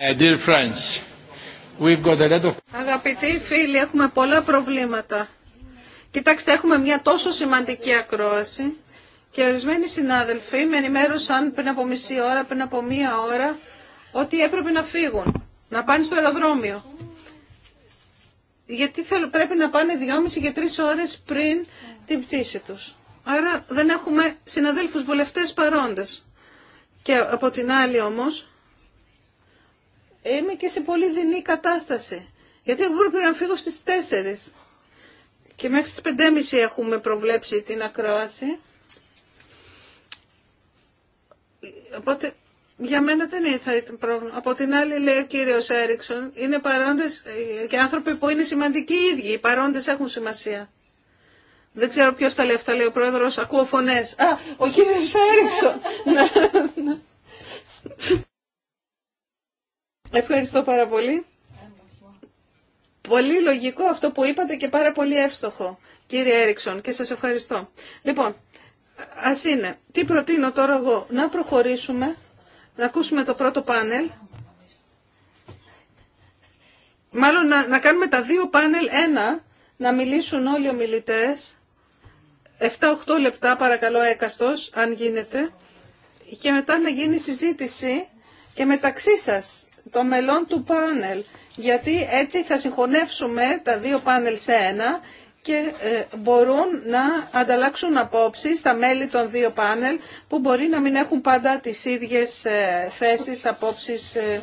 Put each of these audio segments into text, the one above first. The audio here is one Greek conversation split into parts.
Ε, Αγαπητοί φίλοι, έχουμε πολλά προβλήματα. Κοιτάξτε, έχουμε μια τόσο σημαντική ακρόαση και ορισμένοι συνάδελφοι με ενημέρωσαν πριν από μισή ώρα, πριν από μία ώρα, ότι έπρεπε να φύγουν, να πάνε στο αεροδρόμιο. Γιατί πρέπει να πάνε δυόμιση και τρεις ώρες πριν την πτήση τους. Άρα δεν έχουμε συναδέλφους βουλευτές παρόντες. Και από την άλλη όμως, είμαι και σε πολύ δεινή κατάσταση. Γιατί εγώ πρέπει να φύγω στις 4. Και μέχρι τις 5.30 έχουμε προβλέψει την ακρόαση. Οπότε για μένα δεν θα ήταν πρόβλημα. Από την άλλη λέει ο κύριος Έριξον, είναι παρόντες ε, και άνθρωποι που είναι σημαντικοί οι ίδιοι. Οι παρόντες έχουν σημασία. Δεν ξέρω ποιος τα λέει αυτά, λέει ο πρόεδρος, ακούω φωνές. Α, ο κύριος Έριξον. Ευχαριστώ πάρα πολύ. Πολύ λογικό αυτό που είπατε και πάρα πολύ εύστοχο, κύριε Έριξον, και σας ευχαριστώ. Λοιπόν, ας είναι. Τι προτείνω τώρα εγώ. Να προχωρήσουμε, να ακούσουμε το πρώτο πάνελ. Μάλλον να, κάνουμε τα δύο πάνελ ένα, να μιλήσουν όλοι οι ομιλητές. 7-8 λεπτά παρακαλώ έκαστος, αν γίνεται. Και μετά να γίνει συζήτηση και μεταξύ σας το μελών του πάνελ, γιατί έτσι θα συγχωνεύσουμε τα δύο πάνελ σε ένα και ε, μπορούν να ανταλλάξουν απόψεις στα μέλη των δύο πάνελ που μπορεί να μην έχουν πάντα τις ίδιες ε, θέσεις, απόψεις ε,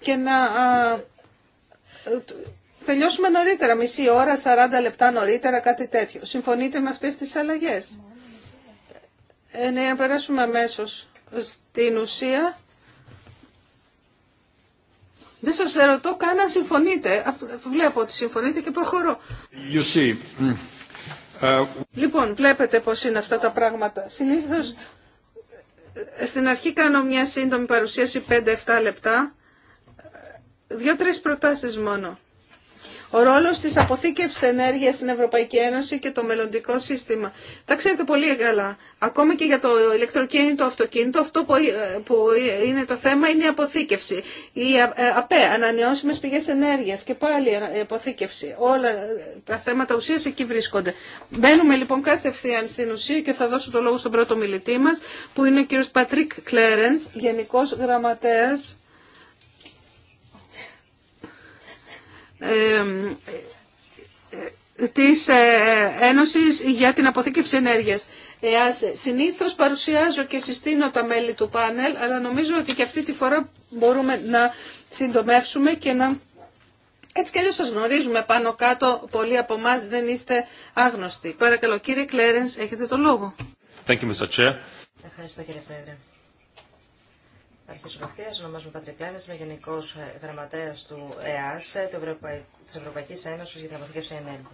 και να τελειώσουμε νωρίτερα, μισή ώρα, 40 λεπτά νωρίτερα, κάτι τέτοιο. Συμφωνείτε με αυτές τις αλλαγές. Ε, ναι, να περάσουμε αμέσω στην ουσία δεν σας ρωτώ καν αν συμφωνείτε. Βλέπω ότι συμφωνείτε και προχωρώ. Mm. Uh, λοιπόν, βλέπετε πώς είναι αυτά τα πράγματα. Συνήθως ε, στην αρχή κάνω μια σύντομη παρουσίαση 5-7 λεπτά. Δύο-τρεις προτάσεις μόνο ο ρόλο τη αποθήκευση ενέργεια στην Ευρωπαϊκή Ένωση και το μελλοντικό σύστημα. Τα ξέρετε πολύ καλά. Ακόμα και για το ηλεκτροκίνητο αυτοκίνητο, αυτό που ε, είναι το θέμα είναι η αποθήκευση. Η ε, ΑΠΕ, ανανεώσιμε πηγέ ενέργεια και πάλι η αποθήκευση. Όλα τα θέματα ουσία εκεί βρίσκονται. Μπαίνουμε λοιπόν κατευθείαν στην ουσία και θα δώσω το λόγο στον πρώτο μιλητή μα, που είναι ο κύριος Πατρίκ Κλέρεν, γενικό γραμματέα. Ε, ε, της ε, Ένωσης για την Αποθήκευση Ενέργειας. Συνήθως παρουσιάζω και συστήνω τα μέλη του πάνελ, αλλά νομίζω ότι και αυτή τη φορά μπορούμε να συντομεύσουμε και να... Έτσι κι αλλιώς σας γνωρίζουμε πάνω κάτω, πολλοί από εμά δεν είστε άγνωστοι. Παρακαλώ κύριε Κλέρενς, έχετε το λόγο. Ευχαριστώ κύριε Πρόεδρε αρχισογραφίας, ονομάζομαι Πατρικλάνη, είμαι γενικό ε, γραμματέα του ΕΑΣ, ε, τη Ευρωπαϊκή Ένωση για την Αποθήκευση ενέργεια.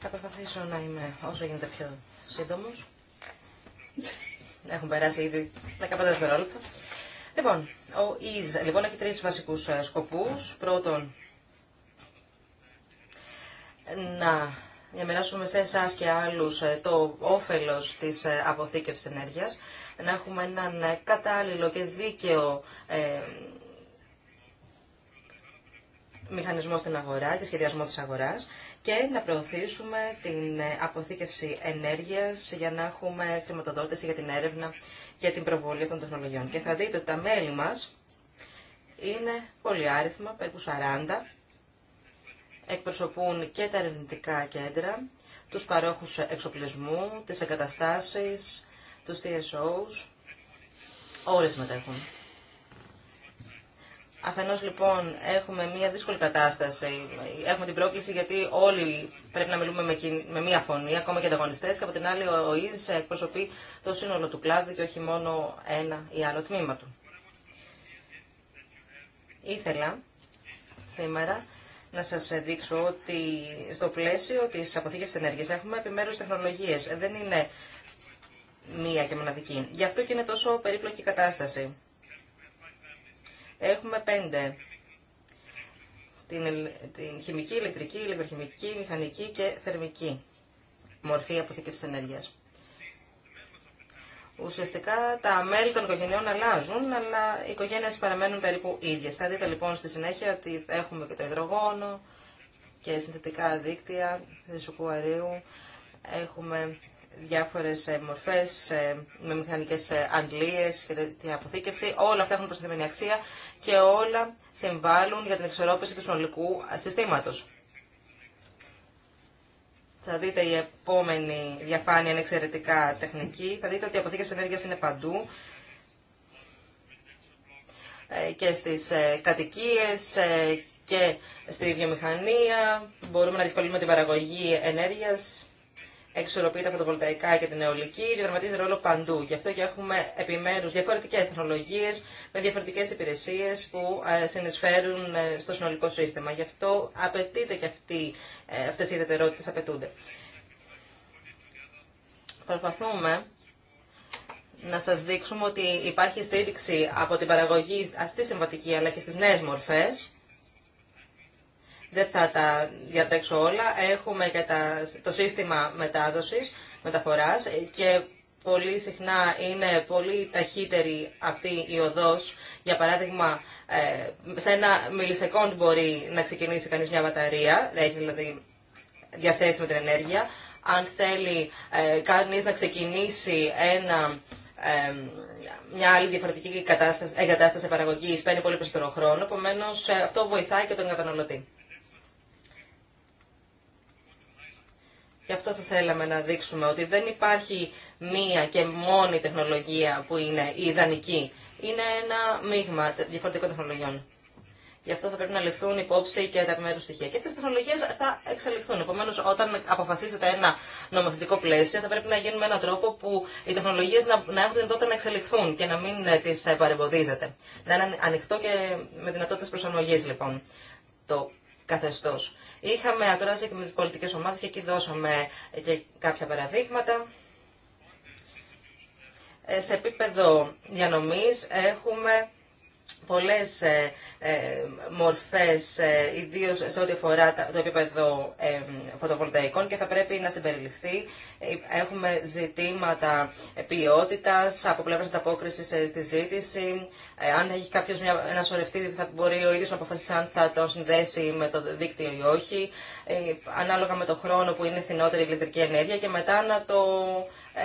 Θα προσπαθήσω να είμαι όσο γίνεται πιο σύντομο. Έχουν περάσει ήδη 15 δευτερόλεπτα. Λοιπόν, ο ΙΖ λοιπόν, έχει τρει βασικού ε, σκοπού. Πρώτον, να διαμεράσουμε σε εσά και άλλου το όφελο τη αποθήκευση ενέργεια να έχουμε έναν ε, κατάλληλο και δίκαιο ε, μηχανισμό στην αγορά και σχεδιασμό της αγοράς και να προωθήσουμε την ε, αποθήκευση ενέργειας για να έχουμε χρηματοδότηση για την έρευνα και την προβολή των τεχνολογιών. Και θα δείτε ότι τα μέλη μας είναι πολύ άριθμα, περίπου 40. Εκπροσωπούν και τα ερευνητικά κέντρα, τους παρόχους εξοπλισμού, τις εγκαταστάσεις, τους TSOs. όλες συμμετέχουν. Αφενός λοιπόν έχουμε μια δύσκολη κατάσταση, έχουμε την πρόκληση γιατί όλοι πρέπει να μιλούμε με, μια φωνή, ακόμα και ανταγωνιστές και από την άλλη ο ΙΖ εκπροσωπεί το σύνολο του κλάδου και όχι μόνο ένα ή άλλο τμήμα του. Ήθελα σήμερα να σας δείξω ότι στο πλαίσιο της αποθήκευσης ενέργειας έχουμε επιμέρους τεχνολογίες. Δεν είναι μία και μοναδική. Γι' αυτό και είναι τόσο περίπλοκη η κατάσταση. Έχουμε πέντε. Την, την χημική, ηλεκτρική, ηλεκτροχημική, μηχανική και θερμική μορφή αποθήκευσης ενέργειας. Ουσιαστικά τα μέλη των οικογενειών αλλάζουν, αλλά οι οικογένειες παραμένουν περίπου ίδιες. Θα δείτε λοιπόν στη συνέχεια ότι έχουμε και το υδρογόνο και συνθετικά δίκτυα φυσικού αερίου. Έχουμε διάφορες ε, μορφές ε, με μηχανικές ε, αντλίες και την αποθήκευση. Όλα αυτά έχουν προσθεμένη αξία και όλα συμβάλλουν για την εξορρόπηση του συνολικού συστήματος. Θα δείτε η επόμενη διαφάνεια είναι εξαιρετικά τεχνική. Θα δείτε ότι η αποθήκευση ενέργειας είναι παντού και στις κατοικίες και στη βιομηχανία. Μπορούμε να διευκολύνουμε την παραγωγή ενέργειας από τα φωτοβολταϊκά και την αιωλική, διαδραματίζει ρόλο παντού. Γι' αυτό και έχουμε επιμέρους διαφορετικές τεχνολογίες με διαφορετικές υπηρεσίες που ε, συνεισφέρουν ε, στο συνολικό σύστημα. Γι' αυτό απαιτείται και αυτή, ε, αυτές οι ιδιαιτερότητες απαιτούνται. Προσπαθούμε να σας δείξουμε ότι υπάρχει στήριξη από την παραγωγή στη συμβατική αλλά και στις νέες μορφές δεν θα τα διατρέξω όλα. Έχουμε και το σύστημα μετάδοσης, μεταφοράς και πολύ συχνά είναι πολύ ταχύτερη αυτή η οδός. Για παράδειγμα, ε, σε ένα μιλισεκόντ μπορεί να ξεκινήσει κανείς μια μπαταρία, έχει δηλαδή διαθέσιμη την ενέργεια. Αν θέλει ε, κανείς να ξεκινήσει ένα ε, μια άλλη διαφορετική εγκατάσταση παραγωγής, παίρνει πολύ περισσότερο χρόνο. Επομένω, αυτό βοηθάει και τον καταναλωτή. Και αυτό θα θέλαμε να δείξουμε, ότι δεν υπάρχει μία και μόνη τεχνολογία που είναι η ιδανική. Είναι ένα μείγμα διαφορετικών τεχνολογιών. Γι' αυτό θα πρέπει να ληφθούν υπόψη και τα επιμέρου στοιχεία. Και αυτέ τι τεχνολογίε θα εξελιχθούν. Επομένω, όταν αποφασίσετε ένα νομοθετικό πλαίσιο, θα πρέπει να γίνουν με έναν τρόπο που οι τεχνολογίε να, να έχουν δυνατότητα να εξελιχθούν και να μην ε, τι ε, παρεμποδίζετε. Να είναι ανοιχτό και με δυνατότητε προσαρμογή, λοιπόν, το καθεστώ. Είχαμε ακρόαση και με τις πολιτικές ομάδες και εκεί δώσαμε και κάποια παραδείγματα. Ε, σε επίπεδο διανομής έχουμε πολλές ε, ε, μορφές, ε, ιδίως σε ό,τι αφορά το επίπεδο ε, φωτοβολταϊκών και θα πρέπει να συμπεριληφθεί. Ε, έχουμε ζητήματα ποιότητας, από πλευράς ανταπόκριση στη ζήτηση. αν έχει κάποιος μια, ένα σωρευτή θα μπορεί ο ίδιος να αποφασίσει αν θα το συνδέσει με το δίκτυο ή όχι, ανάλογα με το χρόνο που είναι φθηνότερη η ηλεκτρική ενέργεια και μετά να το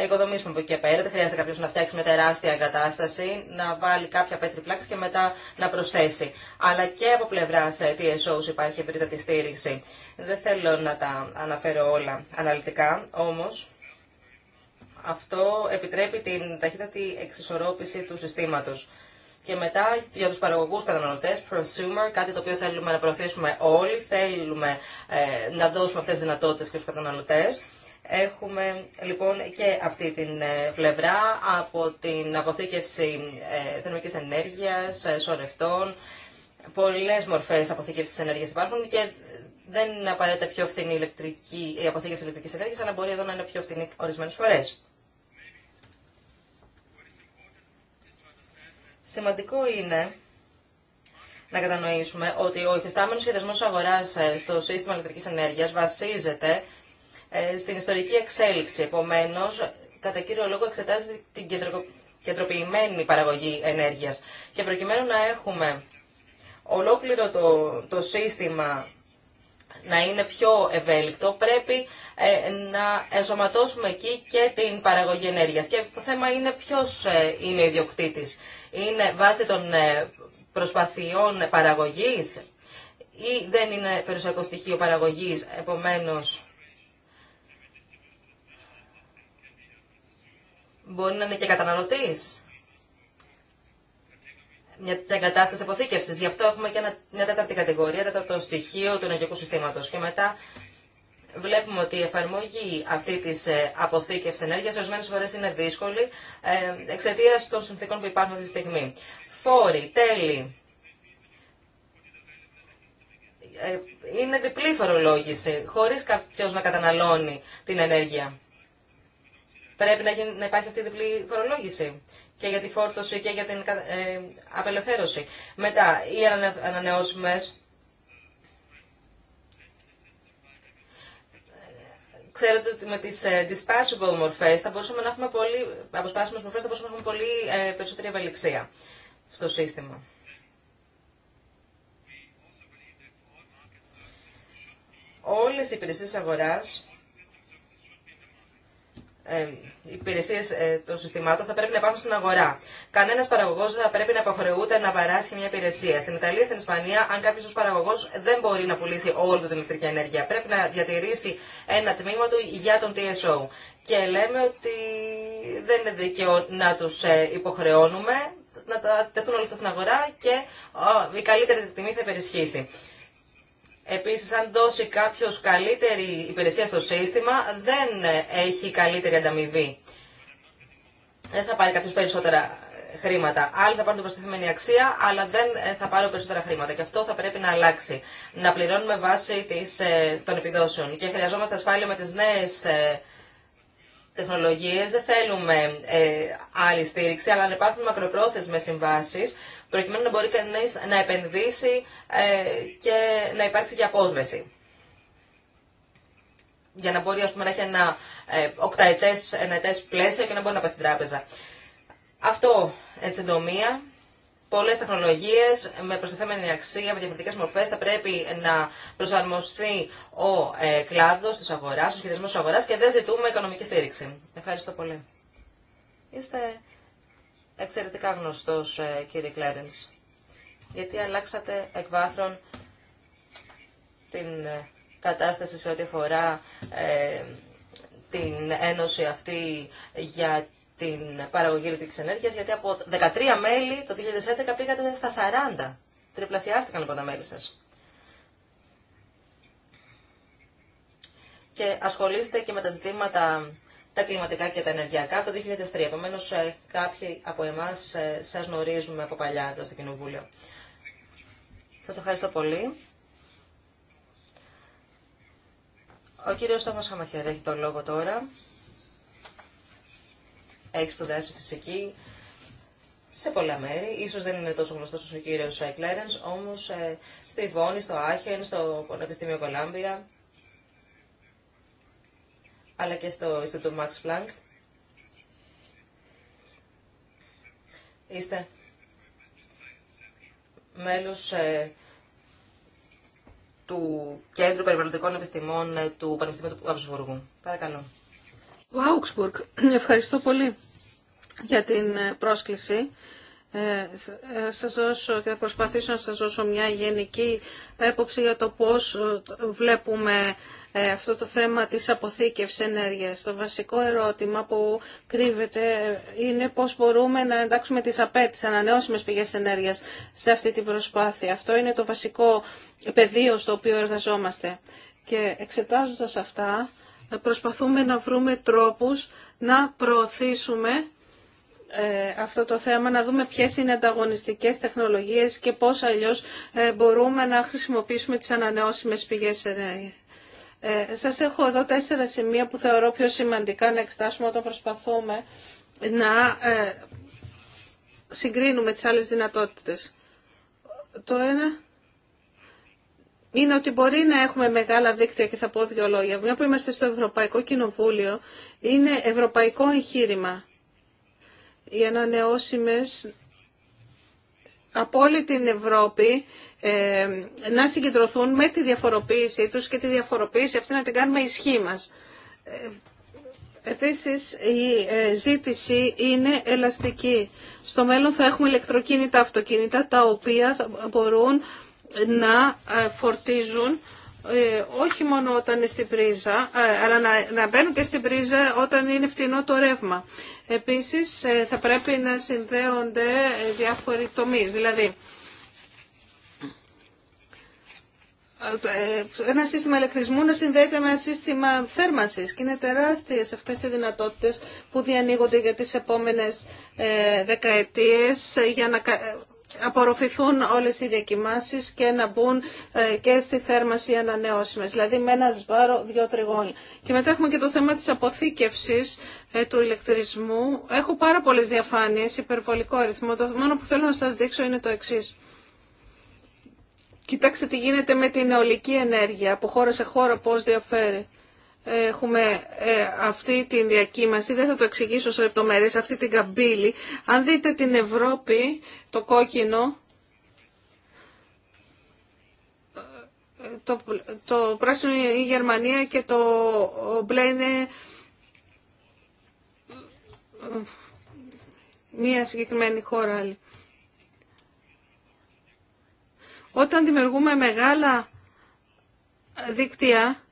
οικοδομήσουμε από εκεί και πέρα. Δεν χρειάζεται κάποιο να φτιάξει με τεράστια εγκατάσταση, να βάλει κάποια πέτρη πλάξη και μετά να προσθέσει. Αλλά και από πλευρά TSO ε, υπάρχει ευρύτατη στήριξη. Δεν θέλω να τα αναφέρω όλα αναλυτικά, όμω αυτό επιτρέπει την ταχύτατη εξισορρόπηση του συστήματο. Και μετά για τους παραγωγούς καταναλωτές, prosumer, κάτι το οποίο θέλουμε να προωθήσουμε όλοι, θέλουμε ε, να δώσουμε αυτές τις δυνατότητες και στους καταναλωτές. Έχουμε λοιπόν και αυτή την ε, πλευρά από την αποθήκευση ε, θερμικής ενέργειας, ε, σωρευτών, πολλές μορφές αποθήκευσης ενέργειας υπάρχουν και δεν είναι απαραίτητα πιο φθηνή ηλεκτρική, η αποθήκευση ηλεκτρικής ενέργειας, αλλά μπορεί εδώ να είναι πιο φθηνή ορισμένες φορές. Σημαντικό είναι να κατανοήσουμε ότι ο υφιστάμενος σχεδιασμός αγοράς στο σύστημα ηλεκτρικής ενέργειας βασίζεται ε, στην ιστορική εξέλιξη. Επομένως, κατά κύριο λόγο εξετάζει την κεντροποιημένη παραγωγή ενέργειας. Και προκειμένου να έχουμε ολόκληρο το, το σύστημα να είναι πιο ευέλικτο, πρέπει ε, να ενσωματώσουμε εκεί και την παραγωγή ενέργειας. Και το θέμα είναι ποιος ε, είναι ιδιοκτήτης. Είναι βάσει των ε, προσπαθειών παραγωγής ή δεν είναι περισσότερο στοιχείο παραγωγής, επομένως μπορεί να είναι και καταναλωτής μια εγκατάσταση αποθήκευση. Γι' αυτό έχουμε και μια τέταρτη κατηγορία, τέταρτο στοιχείο του ενεργειακού συστήματο. Και μετά βλέπουμε ότι η εφαρμογή αυτή τη ε, αποθήκευση ενέργεια ορισμένε φορέ είναι δύσκολη ε, εξαιτία των συνθήκων που υπάρχουν αυτή τη στιγμή. Φόροι, τέλη. Ε, είναι διπλή φορολόγηση, χωρίς κάποιος να καταναλώνει την ενέργεια πρέπει να, να υπάρχει αυτή η διπλή φορολόγηση και για τη φόρτωση και για την ε, απελευθέρωση. Μετά, οι ανανεώσιμε. ανανεώσιμες. Ξέρετε ότι με τις ε, dispatchable μορφές θα μπορούσαμε να έχουμε πολύ, μορφές θα μπορούσαμε να έχουμε πολύ ε, περισσότερη ευελιξία στο σύστημα. Όλες οι υπηρεσίες αγοράς ε, υπηρεσίε ε, των συστημάτων θα πρέπει να υπάρχουν στην αγορά. Κανένα παραγωγό δεν θα πρέπει να υποχρεούται να παράσχει μια υπηρεσία. Στην Ιταλία, στην Ισπανία, αν κάποιο ω παραγωγό δεν μπορεί να πουλήσει όλη του την ηλεκτρική ενέργεια, πρέπει να διατηρήσει ένα τμήμα του για τον TSO. Και λέμε ότι δεν είναι δίκαιο να του ε, υποχρεώνουμε, να τα τεθούν όλα αυτά στην αγορά και η καλύτερη τιμή θα υπερισχύσει. Επίσης, αν δώσει κάποιος καλύτερη υπηρεσία στο σύστημα, δεν έχει καλύτερη ανταμοιβή. Δεν θα πάρει κάποιος περισσότερα χρήματα. Άλλοι θα πάρουν την προστιθέμενη αξία, αλλά δεν θα πάρουν περισσότερα χρήματα. Και αυτό θα πρέπει να αλλάξει. Να πληρώνουμε βάση ε, των επιδόσεων. Και χρειαζόμαστε ασφάλεια με τις νέες ε, τεχνολογίες, δεν θέλουμε ε, άλλη στήριξη, αλλά να υπάρχουν μακροπρόθεσμες συμβάσει προκειμένου να μπορεί κανεί να επενδύσει ε, και να υπάρξει και απόσβεση. Για να μπορεί ας να έχει ένα ε, οκταετές, πλαίσιο και να μπορεί να πάει στην τράπεζα. Αυτό εν συντομία. Πολλέ τεχνολογίες με προστιθέμενη αξία, με διαφορετικέ μορφέ. Θα πρέπει να προσαρμοστεί ο ε, κλάδος της αγοράς, ο σχεδιασμό της αγοράς και δεν ζητούμε οικονομική στήριξη. Ευχαριστώ πολύ. Είστε εξαιρετικά γνωστό, ε, κύριε Κλέρενς, γιατί αλλάξατε εκ βάθρων την ε, κατάσταση σε ό,τι αφορά ε, την ένωση αυτή για την παραγωγή ηλεκτρικής ενέργεια γιατί από 13 μέλη το 2011 πήγατε στα 40. Τριπλασιάστηκαν λοιπόν τα μέλη σα. Και ασχολείστε και με τα ζητήματα τα κλιματικά και τα ενεργειακά το 2003. Επομένω, ε, κάποιοι από εμά ε, σα γνωρίζουμε από παλιά εδώ στο Κοινοβούλιο. Σα ευχαριστώ πολύ. Ο κύριος Στόχος Χαμαχερέ έχει το λόγο τώρα έχει σπουδάσει φυσική σε πολλά μέρη. Ίσως δεν είναι τόσο γνωστός όσο ο κύριος Κλέρενς, όμως ε, στη Βόνη, στο Άχεν, στο Πανεπιστήμιο Κολάμπια, αλλά και στο Ινστιτούτο Μαξ Φλάνκ. Είστε μέλος ε, του Κέντρου Περιβαλλοντικών Επιστημών ε, του Πανεπιστημίου του Αυσβουργού. Παρακαλώ. Ο Augsburg. Ευχαριστώ πολύ για την ε, πρόσκληση. Ε, θα σας δώσω θα προσπαθήσω να σας δώσω μια γενική έποψη για το πώς ε, βλέπουμε ε, αυτό το θέμα της αποθήκευσης ενέργειας. Το βασικό ερώτημα που κρύβεται είναι πώς μπορούμε να εντάξουμε τις απέτησες, ανανεώσιμες πηγές ενέργειας, σε αυτή την προσπάθεια. Αυτό είναι το βασικό πεδίο στο οποίο εργαζόμαστε. Και εξετάζοντας αυτά, προσπαθούμε να βρούμε τρόπους να προωθήσουμε ε, αυτό το θέμα, να δούμε ποιες είναι ανταγωνιστικές τεχνολογίες και πώς αλλιώς ε, μπορούμε να χρησιμοποιήσουμε τις ανανεώσιμες πηγές ενέργειας. Ε, σας έχω εδώ τέσσερα σημεία που θεωρώ πιο σημαντικά να εξετάσουμε όταν προσπαθούμε να ε, συγκρίνουμε τις άλλες δυνατότητες. Το ένα είναι ότι μπορεί να έχουμε μεγάλα δίκτυα και θα πω δύο λόγια. Μια που είμαστε στο Ευρωπαϊκό Κοινοβούλιο, είναι ευρωπαϊκό εγχείρημα οι ανανεώσιμες από όλη την Ευρώπη ε, να συγκεντρωθούν με τη διαφοροποίησή τους και τη διαφοροποίηση αυτή να την κάνουμε ισχύ μας. Ε, επίσης η ε, ζήτηση είναι ελαστική. Στο μέλλον θα έχουμε ηλεκτροκίνητα αυτοκίνητα τα οποία θα μπορούν να ε, φορτίζουν ε, όχι μόνο όταν είναι στην πρίζα, ε, αλλά να μπαίνουν και στην πρίζα όταν είναι φτηνό το ρεύμα. Επίσης, ε, θα πρέπει να συνδέονται διάφοροι τομείς. Δηλαδή, ένα σύστημα ηλεκτρισμού να συνδέεται με ένα σύστημα θέρμανσης και είναι τεράστιες αυτές οι δυνατότητες που διανοίγονται για τις επόμενες δεκαετίες για να απορροφηθούν όλες οι διακοιμάνσεις και να μπουν ε, και στη θέρμαση ανανεώσιμες, δηλαδή με ένα σβάρο δυο τριγών. Και μετά έχουμε και το θέμα της αποθήκευσης ε, του ηλεκτρισμού. Έχω πάρα πολλές διαφάνειες, υπερβολικό αριθμό. Το μόνο που θέλω να σας δείξω είναι το εξή. Κοιτάξτε τι γίνεται με την νεολική ενέργεια, από χώρα σε χώρο, πώς διαφέρει έχουμε ε, αυτή την διακύμαση, δεν θα το εξηγήσω σε λεπτομέρειες, αυτή την καμπύλη. Αν δείτε την Ευρώπη, το κόκκινο, το, το πράσινο είναι η Γερμανία και το μπλε είναι μία συγκεκριμένη χώρα άλλη. Όταν δημιουργούμε μεγάλα δίκτυα,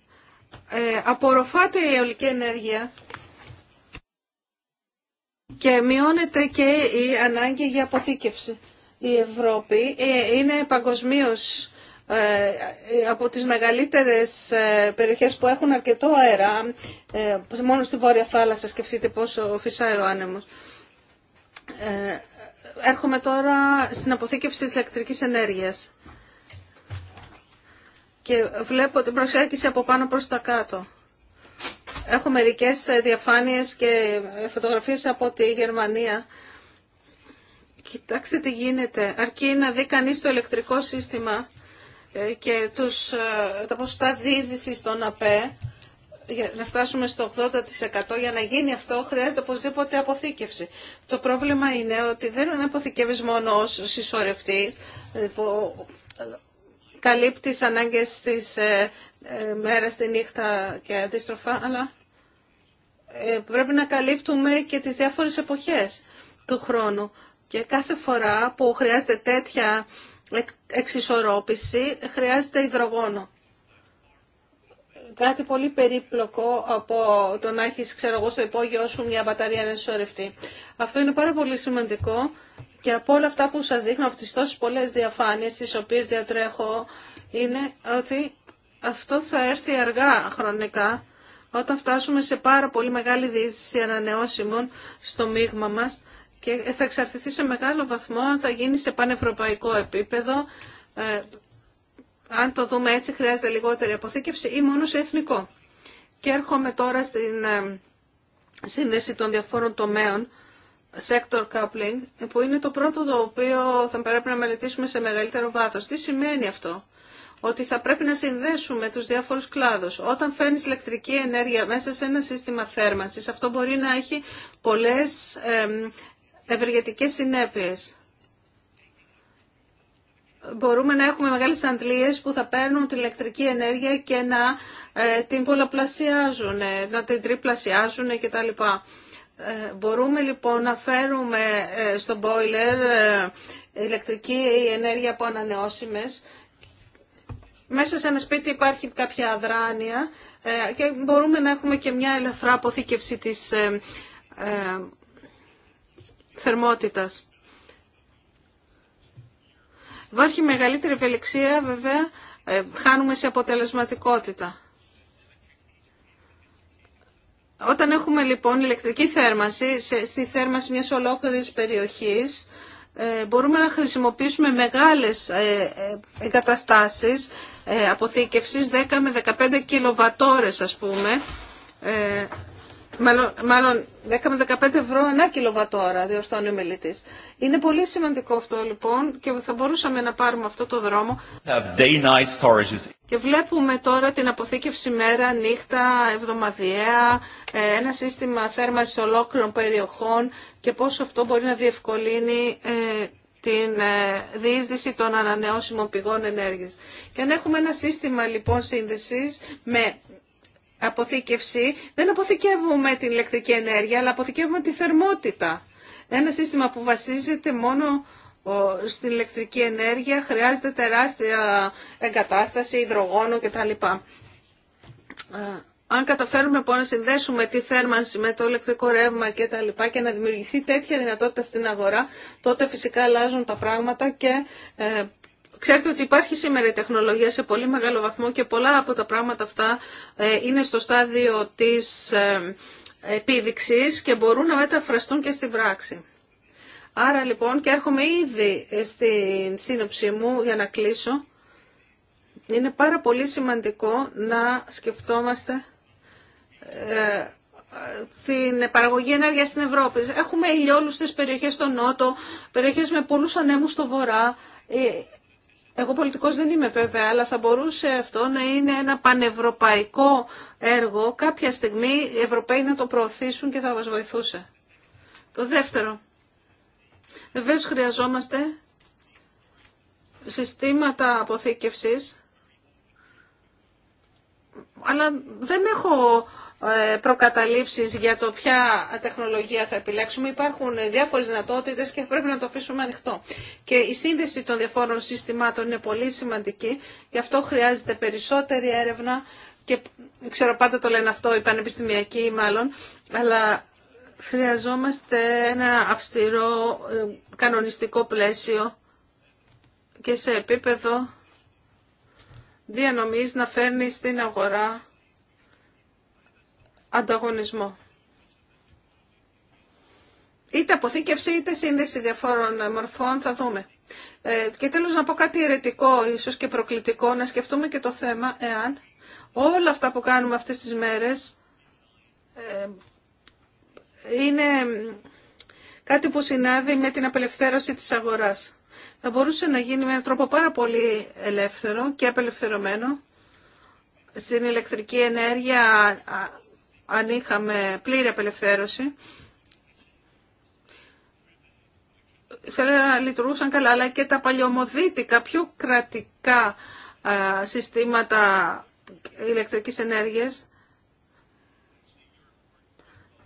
ε, απορροφάται η αιωλική ενέργεια και μειώνεται και η ανάγκη για αποθήκευση. Η Ευρώπη ε, είναι παγκοσμίω ε, από τις μεγαλύτερες περιοχές που έχουν αρκετό αέρα. Μόνο στη Βόρεια Θάλασσα σκεφτείτε πόσο φυσάει ο άνεμος. Έρχομαι τώρα στην αποθήκευση της ηλεκτρικής ενέργειας και βλέπω την προσέγγιση από πάνω προς τα κάτω. Έχω μερικές διαφάνειες και φωτογραφίες από τη Γερμανία. Κοιτάξτε τι γίνεται. Αρκεί να δει κανείς το ηλεκτρικό σύστημα ε, και τους, ε, τα ποσοστά δίζησης των ΑΠΕ για να φτάσουμε στο 80% για να γίνει αυτό χρειάζεται οπωσδήποτε αποθήκευση. Το πρόβλημα είναι ότι δεν αποθηκεύεις μόνο ως συσσωρευτή ε, καλύπτει τις ανάγκες της ε, ε, μέρας, τη νύχτα και αντίστροφα, αλλά ε, πρέπει να καλύπτουμε και τις διάφορες εποχές του χρόνου. Και κάθε φορά που χρειάζεται τέτοια εξισορρόπηση, χρειάζεται υδρογόνο. Κάτι πολύ περίπλοκο από το να έχεις, ξέρω εγώ, στο υπόγειό σου μια μπαταρία να Αυτό είναι πάρα πολύ σημαντικό και από όλα αυτά που σας δείχνω από τις τόσες πολλές διαφάνειες τις οποίες διατρέχω είναι ότι αυτό θα έρθει αργά χρονικά όταν φτάσουμε σε πάρα πολύ μεγάλη διείσδυση ανανεώσιμων στο μείγμα μας και θα εξαρτηθεί σε μεγάλο βαθμό αν θα γίνει σε πανευρωπαϊκό επίπεδο. Ε, αν το δούμε έτσι χρειάζεται λιγότερη αποθήκευση ή μόνο σε εθνικό. Και έρχομαι τώρα στην ε, σύνδεση των διαφόρων τομέων sector coupling, που είναι το πρώτο το οποίο θα πρέπει να μελετήσουμε σε μεγαλύτερο βάθος. Τι σημαίνει αυτό? Ότι θα πρέπει να συνδέσουμε τους διάφορους κλάδους. Όταν φέρνεις ηλεκτρική ενέργεια μέσα σε ένα σύστημα θέρμανσης, αυτό μπορεί να έχει πολλές ευεργετικές συνέπειες. Μπορούμε να έχουμε μεγάλες αντλίες που θα παίρνουν την ηλεκτρική ενέργεια και να ε, την πολλαπλασιάζουν, να την τριπλασιάζουν κτλ. Ε, μπορούμε λοιπόν να φέρουμε ε, στο boiler ε, ηλεκτρική ενέργεια από ανανεώσιμες. Μέσα σε ένα σπίτι υπάρχει κάποια αδράνεια και μπορούμε να έχουμε και μια ελαφρά αποθήκευση της θερμότητας. Υπάρχει μεγαλύτερη ευελιξία βέβαια, χάνουμε σε αποτελεσματικότητα. Όταν έχουμε λοιπόν ηλεκτρική θέρμανση στη θέρμανση μιας ολόκληρης περιοχής, ε, μπορούμε να χρησιμοποιήσουμε μεγάλες ε, ε, εγκαταστάσεις αποθήκευσης 10 με 15 κιλοβατόρες ας πούμε Μάλλον, μάλλον 10 με 15 ευρώ ανά κιλοβατόρα, διορθώνει ο μιλητή. Είναι πολύ σημαντικό αυτό λοιπόν και θα μπορούσαμε να πάρουμε αυτό το δρόμο. και βλέπουμε τώρα την αποθήκευση μέρα, νύχτα, εβδομαδιαία, ε, ένα σύστημα θέρμανσης ολόκληρων περιοχών και πώς αυτό μπορεί να διευκολύνει ε, την ε, διείσδυση των ανανεώσιμων πηγών ενέργειας. Και αν έχουμε ένα σύστημα λοιπόν σύνδεσης με αποθήκευση, δεν αποθηκεύουμε την ηλεκτρική ενέργεια, αλλά αποθηκεύουμε τη θερμότητα. Ένα σύστημα που βασίζεται μόνο στην ηλεκτρική ενέργεια χρειάζεται τεράστια εγκατάσταση υδρογόνο κτλ. Ε, αν καταφέρουμε λοιπόν να συνδέσουμε τη θέρμανση με το ηλεκτρικό ρεύμα και τα λοιπά και να δημιουργηθεί τέτοια δυνατότητα στην αγορά, τότε φυσικά αλλάζουν τα πράγματα και ε, Ξέρετε ότι υπάρχει σήμερα η τεχνολογία σε πολύ μεγάλο βαθμό και πολλά από τα πράγματα αυτά ε, είναι στο στάδιο της ε, επίδειξης και μπορούν να μεταφραστούν και στην πράξη. Άρα λοιπόν και έρχομαι ήδη στην σύνοψή μου για να κλείσω. Είναι πάρα πολύ σημαντικό να σκεφτόμαστε ε, την παραγωγή ενέργειας στην Ευρώπη. Έχουμε ηλιόλουστες περιοχές στο νότο, περιοχές με πολλούς ανέμους στο βορρά. Εγώ πολιτικός δεν είμαι βέβαια, αλλά θα μπορούσε αυτό να είναι ένα πανευρωπαϊκό έργο. Κάποια στιγμή οι Ευρωπαίοι να το προωθήσουν και θα μας βοηθούσε. Το δεύτερο. Βεβαίω χρειαζόμαστε συστήματα αποθήκευσης, αλλά δεν έχω ε, Προκαταλήψει για το ποια τεχνολογία θα επιλέξουμε. Υπάρχουν διάφορε δυνατότητε και πρέπει να το αφήσουμε ανοιχτό. Και η σύνδεση των διαφόρων συστημάτων είναι πολύ σημαντική. Γι' αυτό χρειάζεται περισσότερη έρευνα και ξέρω πάντα το λένε αυτό οι πανεπιστημιακοί μάλλον, αλλά χρειαζόμαστε ένα αυστηρό ε, κανονιστικό πλαίσιο και σε επίπεδο διανομής να φέρνει στην αγορά ανταγωνισμό. Είτε αποθήκευση είτε σύνδεση διαφόρων μορφών θα δούμε. Ε, και τέλος να πω κάτι ερετικό ίσως και προκλητικό, να σκεφτούμε και το θέμα εάν όλα αυτά που κάνουμε αυτές τις μέρες ε, είναι κάτι που συνάδει με την απελευθέρωση της αγοράς. Θα μπορούσε να γίνει με έναν τρόπο πάρα πολύ ελεύθερο και απελευθερωμένο στην ηλεκτρική ενέργεια αν είχαμε πλήρη απελευθέρωση, θα να λειτουργούσαν καλά, αλλά και τα παλιωμοδίτικα, πιο κρατικά συστήματα ηλεκτρικής ενέργειας,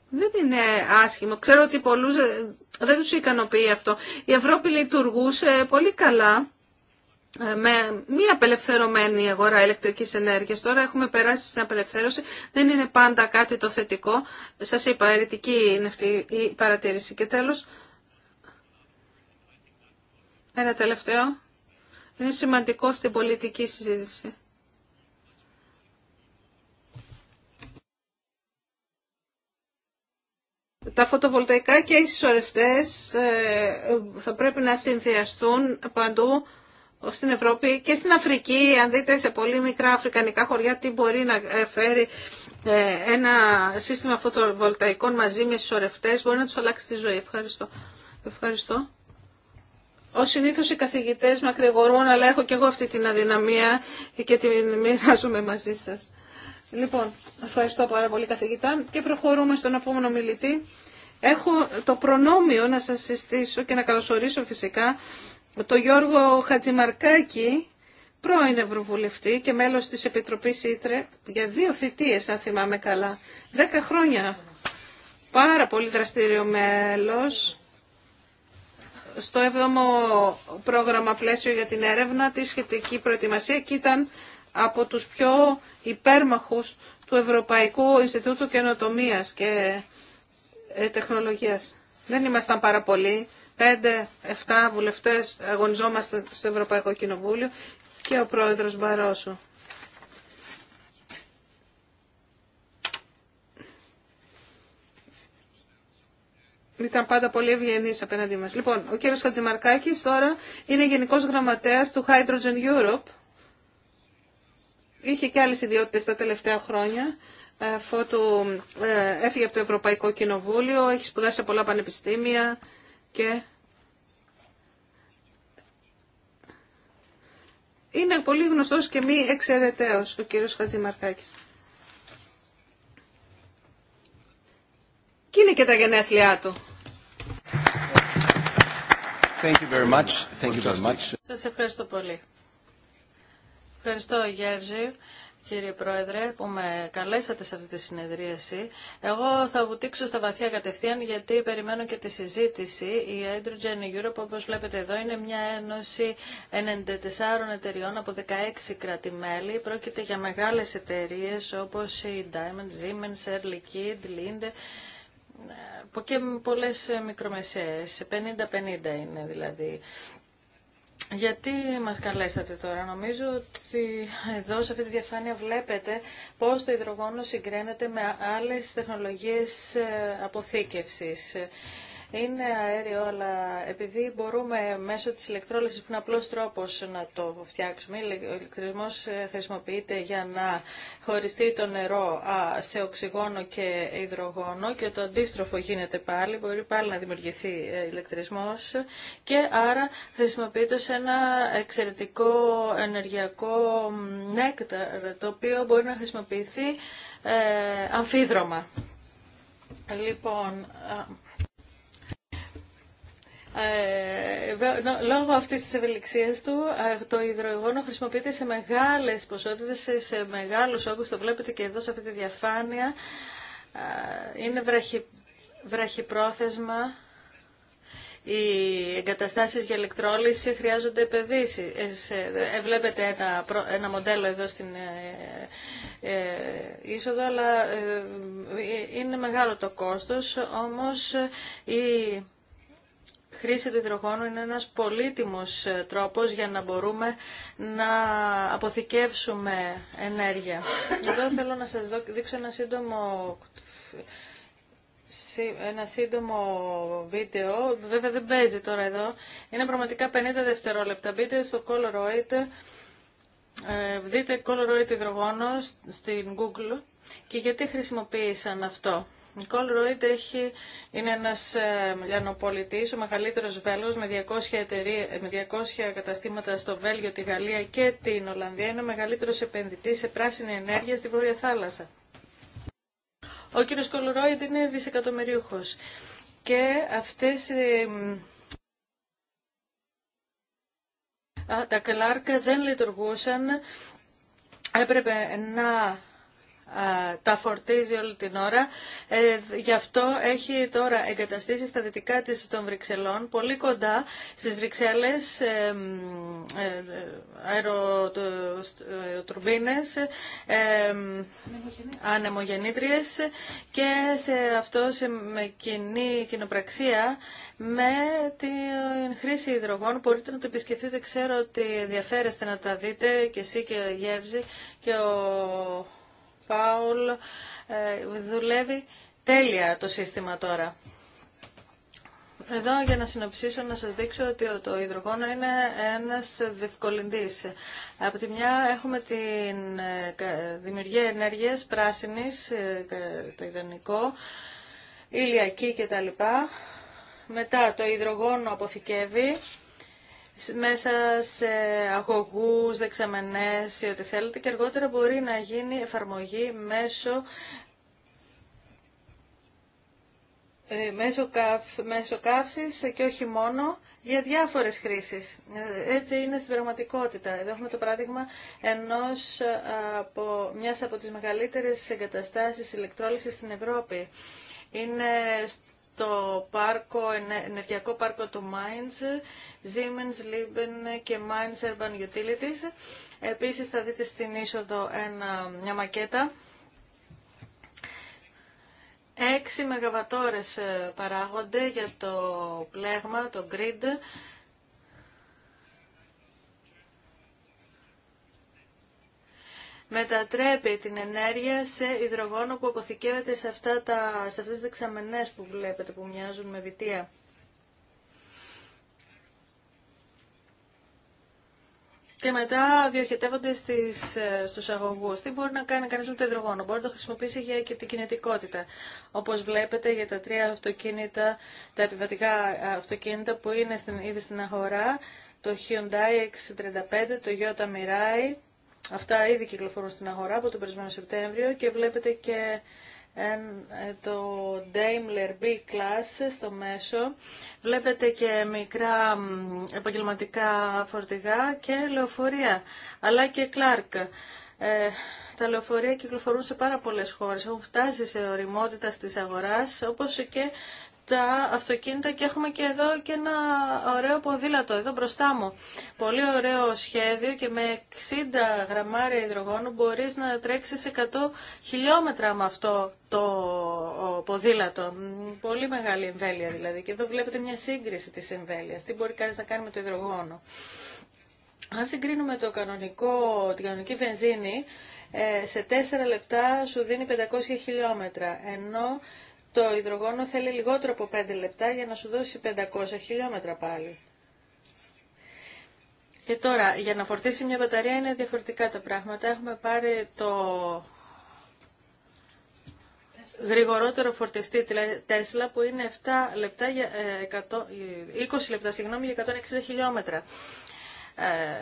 δεν είναι άσχημο. Ξέρω ότι πολλούς ε, δεν τους ικανοποιεί αυτό. Η Ευρώπη λειτουργούσε πολύ καλά ε, με μία απελευθερωμένη αγορά ηλεκτρικής ενέργειας. Τώρα έχουμε περάσει στην απελευθέρωση. Δεν είναι πάντα κάτι το θετικό. Σας είπα, αιρετική είναι αυτή η παρατήρηση. Και τέλος, ένα τελευταίο. Είναι σημαντικό στην πολιτική συζήτηση. Τα φωτοβολταϊκά και οι συσσωρευτές ε, θα πρέπει να συνδυαστούν παντού στην Ευρώπη και στην Αφρική, αν δείτε σε πολύ μικρά αφρικανικά χωριά τι μπορεί να φέρει ε, ένα σύστημα φωτοβολταϊκών μαζί με σωρευτές μπορεί να τους αλλάξει τη ζωή. Ευχαριστώ. Ευχαριστώ. Ω συνήθω οι καθηγητέ μακρηγορούν, αλλά έχω και εγώ αυτή την αδυναμία και τη μοιράζομαι μαζί σα. Λοιπόν, ευχαριστώ πάρα πολύ καθηγητά και προχωρούμε στον επόμενο μιλητή. Έχω το προνόμιο να σας συστήσω και να καλωσορίσω φυσικά το Γιώργο Χατζημαρκάκη, πρώην Ευρωβουλευτή και μέλος της Επιτροπής Ήτρε για δύο θητείες, αν θυμάμαι καλά. Δέκα χρόνια. Πάρα πολύ δραστήριο μέλος στο 7ο πρόγραμμα πλαίσιο για την έρευνα, τη σχετική προετοιμασία και ήταν από τους πιο υπέρμαχους του Ευρωπαϊκού Ινστιτούτου Καινοτομίας και ε, Τεχνολογίας. Δεν ήμασταν πάρα πολλοί, 5-7 βουλευτές αγωνιζόμαστε στο Ευρωπαϊκό Κοινοβούλιο και ο πρόεδρος Μπαρόσο. Ήταν πάντα πολύ ευγενή απέναντί μα. Λοιπόν, ο κύριο Χατζημαρκάκη τώρα είναι Γενικό Γραμματέα του Hydrogen Europe. Είχε και άλλε ιδιότητε τα τελευταία χρόνια. Αφού του ε, έφυγε από το Ευρωπαϊκό Κοινοβούλιο, έχει σπουδάσει σε πολλά πανεπιστήμια και είναι πολύ γνωστός και μη εξαιρεταίος ο κύριος Χατζημαρκάκης. Και είναι και τα γενέθλιά του. Thank you very much. Thank you very much. Σας ευχαριστώ πολύ. Ευχαριστώ Γέρζη κύριε Πρόεδρε, που με καλέσατε σε αυτή τη συνεδρίαση. Εγώ θα βουτήξω στα βαθιά κατευθείαν, γιατί περιμένω και τη συζήτηση. Η Hydrogen Europe, όπως βλέπετε εδώ, είναι μια ένωση 94 εταιριών από 16 κράτη-μέλη. Πρόκειται για μεγάλες εταιρείες όπως η Diamond, Siemens, Air Liquid, Linde, ε, και πολλές μικρομεσαίες. 50-50 είναι δηλαδή γιατί μας καλέσατε τώρα. Νομίζω ότι εδώ σε αυτή τη διαφάνεια βλέπετε πώς το υδρογόνο συγκρένεται με άλλες τεχνολογίες ε, αποθήκευσης είναι αέριο, αλλά επειδή μπορούμε μέσω της ηλεκτρόλυσης που είναι απλός τρόπος να το φτιάξουμε, ο ηλεκτρισμός ε, χρησιμοποιείται για να χωριστεί το νερό σε οξυγόνο και υδρογόνο και το αντίστροφο γίνεται πάλι, μπορεί πάλι να δημιουργηθεί ε, ηλεκτρισμός και άρα χρησιμοποιείται σε ένα εξαιρετικό ενεργειακό νέκταρ, το οποίο μπορεί να χρησιμοποιηθεί ε, αμφίδρομα. Λοιπόν, ε, λόγω αυτής της ευελιξίας του ε, το υδρογόνο χρησιμοποιείται σε μεγάλες ποσότητες, σε μεγάλους όγκους, το βλέπετε και εδώ σε αυτή τη διαφάνεια. Ε, είναι βραχυ, βραχυπρόθεσμα. Οι εγκαταστάσεις για ηλεκτρόλυση χρειάζονται επενδύσεις. Βλέπετε ένα, μοντέλο εδώ στην είσοδο, αλλά είναι μεγάλο το κόστος, όμως η χρήση του υδρογόνου είναι ένας πολύτιμος ε, τρόπος για να μπορούμε να αποθηκεύσουμε ενέργεια. Εδώ θέλω να σας δείξω ένα σύντομο ένα σύντομο βίντεο, βέβαια δεν παίζει τώρα εδώ, είναι πραγματικά 50 δευτερόλεπτα. Μπείτε στο Coloroid, ε, δείτε Coloroid υδρογόνο στην Google και γιατί χρησιμοποίησαν αυτό. Νικόλ Ρόιντ έχει, είναι ένας ε, λιανοπολιτής, ο μεγαλύτερος Βέλγος με 200, εταιρεία, με 200 καταστήματα στο Βέλγιο, τη Γαλλία και την Ολλανδία. Είναι ο μεγαλύτερος επενδυτής σε πράσινη ενέργεια στη Βόρεια Θάλασσα. Ο κύριος Κολρόιντ είναι δισεκατομμυρίουχος και αυτές ε, τα κλάρκα δεν λειτουργούσαν έπρεπε να τα φορτίζει όλη την ώρα. Ε, γι' αυτό έχει τώρα εγκαταστήσει στα δυτικά της των Βρυξελών, πολύ κοντά στις Βρυξέλλες, ε, ε, ε ανεμογεννήτριες και σε αυτό σε με κοινή κοινοπραξία με την χρήση υδρογόνου. Μπορείτε να το επισκεφτείτε, ξέρω ότι ενδιαφέρεστε να τα δείτε και εσύ και ο Γεύζη και ο Πάουλ. Ε, δουλεύει τέλεια το σύστημα τώρα. Εδώ για να συνοψίσω να σας δείξω ότι το υδρογόνο είναι ένας διευκολυντής. Από τη μια έχουμε τη ε, δημιουργία ενέργειας πράσινης, ε, το ιδανικό, ηλιακή κτλ. Μετά το υδρογόνο αποθηκεύει μέσα σε αγωγούς, δεξαμενές ή ό,τι θέλετε και αργότερα μπορεί να γίνει εφαρμογή μέσω ε, μέσω, καύ, μέσω καύσης και όχι μόνο για διάφορες χρήσεις. Ε, έτσι είναι στην πραγματικότητα. Εδώ έχουμε το παράδειγμα ενός από, μιας από τις μεγαλύτερες εγκαταστάσεις ηλεκτρόλυσης στην Ευρώπη. Είναι το πάρκο, ενεργειακό πάρκο του Mainz, Siemens, Lieben και Mainz Urban Utilities. Επίσης θα δείτε στην είσοδο ένα, μια μακέτα. 6 μεγαβατόρες ε, παράγονται για το πλέγμα, το grid. μετατρέπει την ενέργεια σε υδρογόνο που αποθηκεύεται σε, αυτά τα, σε αυτές τις δεξαμενές που βλέπετε που μοιάζουν με βιτία. Και μετά διοχετεύονται στις, ε, στους αγωγούς. Τι μπορεί να κάνει κανείς με το υδρογόνο. Μπορεί να το χρησιμοποιήσει για και την κινητικότητα. Όπως βλέπετε για τα τρία αυτοκίνητα, τα επιβατικά ε, αυτοκίνητα που είναι στην, ήδη στην αγορά, το Hyundai X35, το Yota Mirai Αυτά ήδη κυκλοφορούν στην αγορά από τον περισμένο Σεπτέμβριο και βλέπετε και ε, το Daimler B-Class στο μέσο. Βλέπετε και μικρά επαγγελματικά φορτηγά και λεωφορεία, αλλά και Clark. Ε, τα λεωφορεία κυκλοφορούν σε πάρα πολλές χώρες, έχουν φτάσει σε οριμότητα στις αγοράς, όπως και τα αυτοκίνητα και έχουμε και εδώ και ένα ωραίο ποδήλατο εδώ μπροστά μου. Πολύ ωραίο σχέδιο και με 60 γραμμάρια υδρογόνου μπορείς να τρέξεις 100 χιλιόμετρα με αυτό το ποδήλατο. Πολύ μεγάλη εμβέλεια δηλαδή. Και εδώ βλέπετε μια σύγκριση της εμβέλειας. Τι μπορεί κανείς να κάνει με το υδρογόνο. Αν συγκρίνουμε το κανονικό, την κανονική βενζίνη, ε, σε 4 λεπτά σου δίνει 500 χιλιόμετρα, ενώ το υδρογόνο θέλει λιγότερο από 5 λεπτά για να σου δώσει 500 χιλιόμετρα πάλι. Και τώρα, για να φορτίσει μια μπαταρία είναι διαφορετικά τα πράγματα. Έχουμε πάρει το γρηγορότερο φορτιστή Τέσλα που είναι 7 λεπτά για 20 ε, ε, λεπτά συγγνώμη, για 160 χιλιόμετρα. Ε,